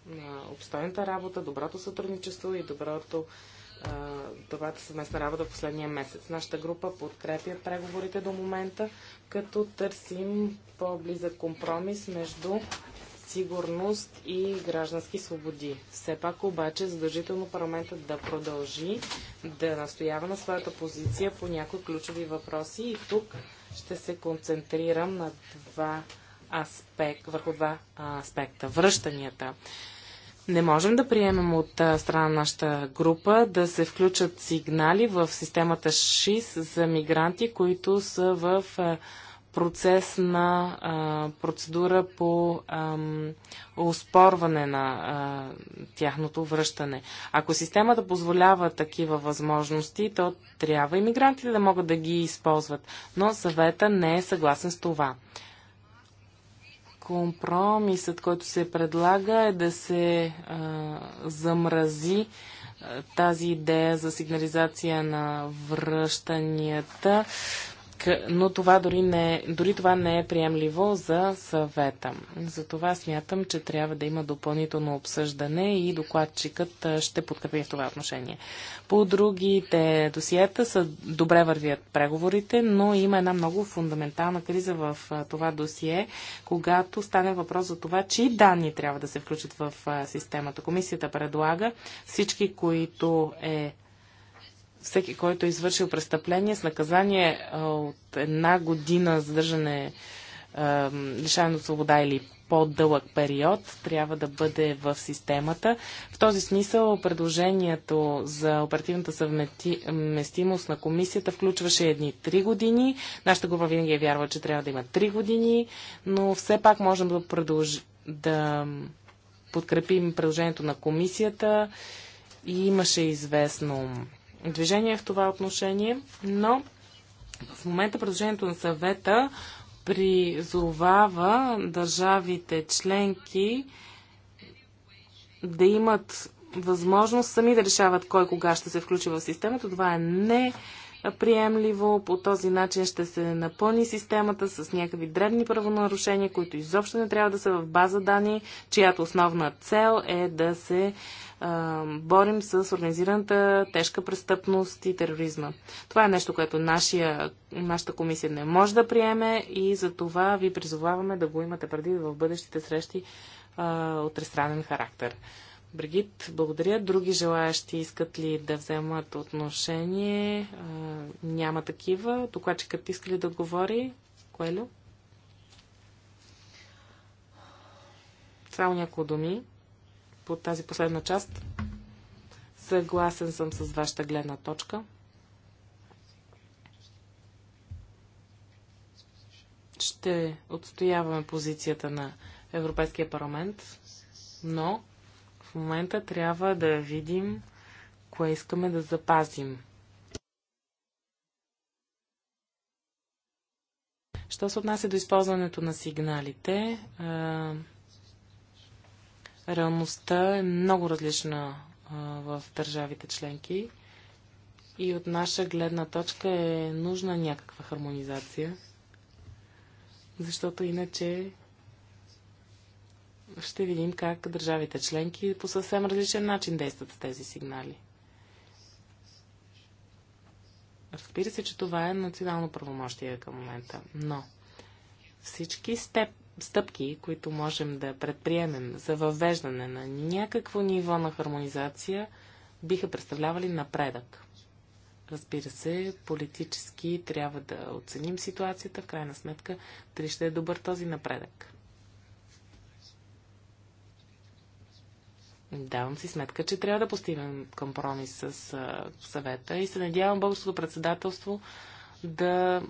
обстойната работа, доброто сътрудничество и доброто добрата съвместна работа в последния месец. Нашата група подкрепя преговорите до момента, като търсим по-близък компромис между сигурност и граждански свободи. Все пак обаче задължително парламентът да продължи да настоява на своята позиция по някои ключови въпроси и тук ще се концентрирам на два аспект, върху два аспекта. Връщанията. Не можем да приемем от страна на нашата група да се включат сигнали в системата ШИС за мигранти, които са в процес на а, процедура по ам, успорване на а, тяхното връщане. Ако системата позволява такива възможности, то трябва иммигрантите да могат да ги използват. Но съвета не е съгласен с това. Компромисът, който се предлага е да се а, замрази а, тази идея за сигнализация на връщанията но това дори, не, дори това не е приемливо за съвета. Затова смятам, че трябва да има допълнително обсъждане и докладчикът ще подкрепи в това отношение. По другите досиета са добре вървят преговорите, но има една много фундаментална криза в това досие, когато стане въпрос за това, чии данни трябва да се включат в системата. Комисията предлага всички, които е всеки, който е извършил престъпление с наказание е, от една година задържане е, лишаване от свобода или по-дълъг период трябва да бъде в системата. В този смисъл предложението за оперативната съвместимост на комисията включваше едни 3 години. Нашата група винаги е вярва, че трябва да има 3 години, но все пак можем да, продълж... да подкрепим предложението на комисията и имаше известно движение в това отношение, но в момента предложението на съвета призовава държавите членки да имат възможност сами да решават кой кога ще се включи в системата. Това е не приемливо. По този начин ще се напълни системата с някакви дребни правонарушения, които изобщо не трябва да са в база данни, чиято основна цел е да се борим с организираната тежка престъпност и тероризма. Това е нещо, което нашия, нашата комисия не може да приеме и за това ви призоваваме да го имате преди в бъдещите срещи а, от ресранен характер. Бригит, благодаря. Други желаящи искат ли да вземат отношение? А, няма такива. Докладчикът иска ли да говори? Коелю? Само няколко думи по тази последна част. Съгласен съм с вашата гледна точка. Ще отстояваме позицията на Европейския парламент, но в момента трябва да видим кое искаме да запазим. Що се отнася до използването на сигналите, Реалността е много различна а, в държавите членки и от наша гледна точка е нужна някаква хармонизация, защото иначе ще видим как държавите членки по съвсем различен начин действат с тези сигнали. Разбира се, че това е национално правомощие към момента, но всички степ, стъпки, които можем да предприемем за въвеждане на някакво ниво на хармонизация, биха представлявали напредък. Разбира се, политически трябва да оценим ситуацията, в крайна сметка, дали ще е добър този напредък. Давам си сметка, че трябва да постигнем компромис с съвета и се надявам българското председателство да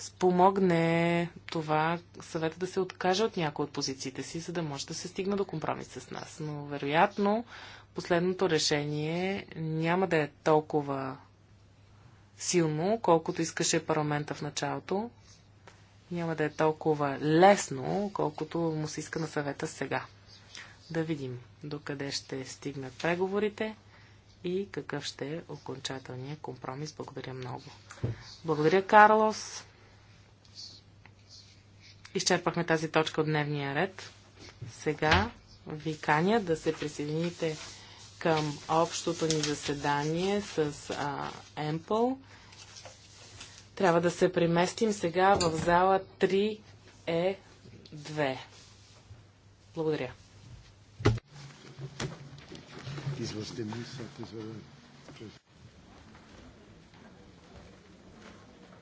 спомогне това съвета да се откаже от някои от позициите си, за да може да се стигне до компромис с нас. Но вероятно последното решение няма да е толкова силно, колкото искаше парламента в началото. Няма да е толкова лесно, колкото му се иска на съвета сега. Да видим докъде ще стигнат преговорите и какъв ще е окончателният компромис. Благодаря много. Благодаря, Карлос. Изчерпахме тази точка от дневния ред. Сега ви каня да се присъедините към общото ни заседание с а, Трябва да се преместим сега в зала 3Е2. Благодаря.
This was the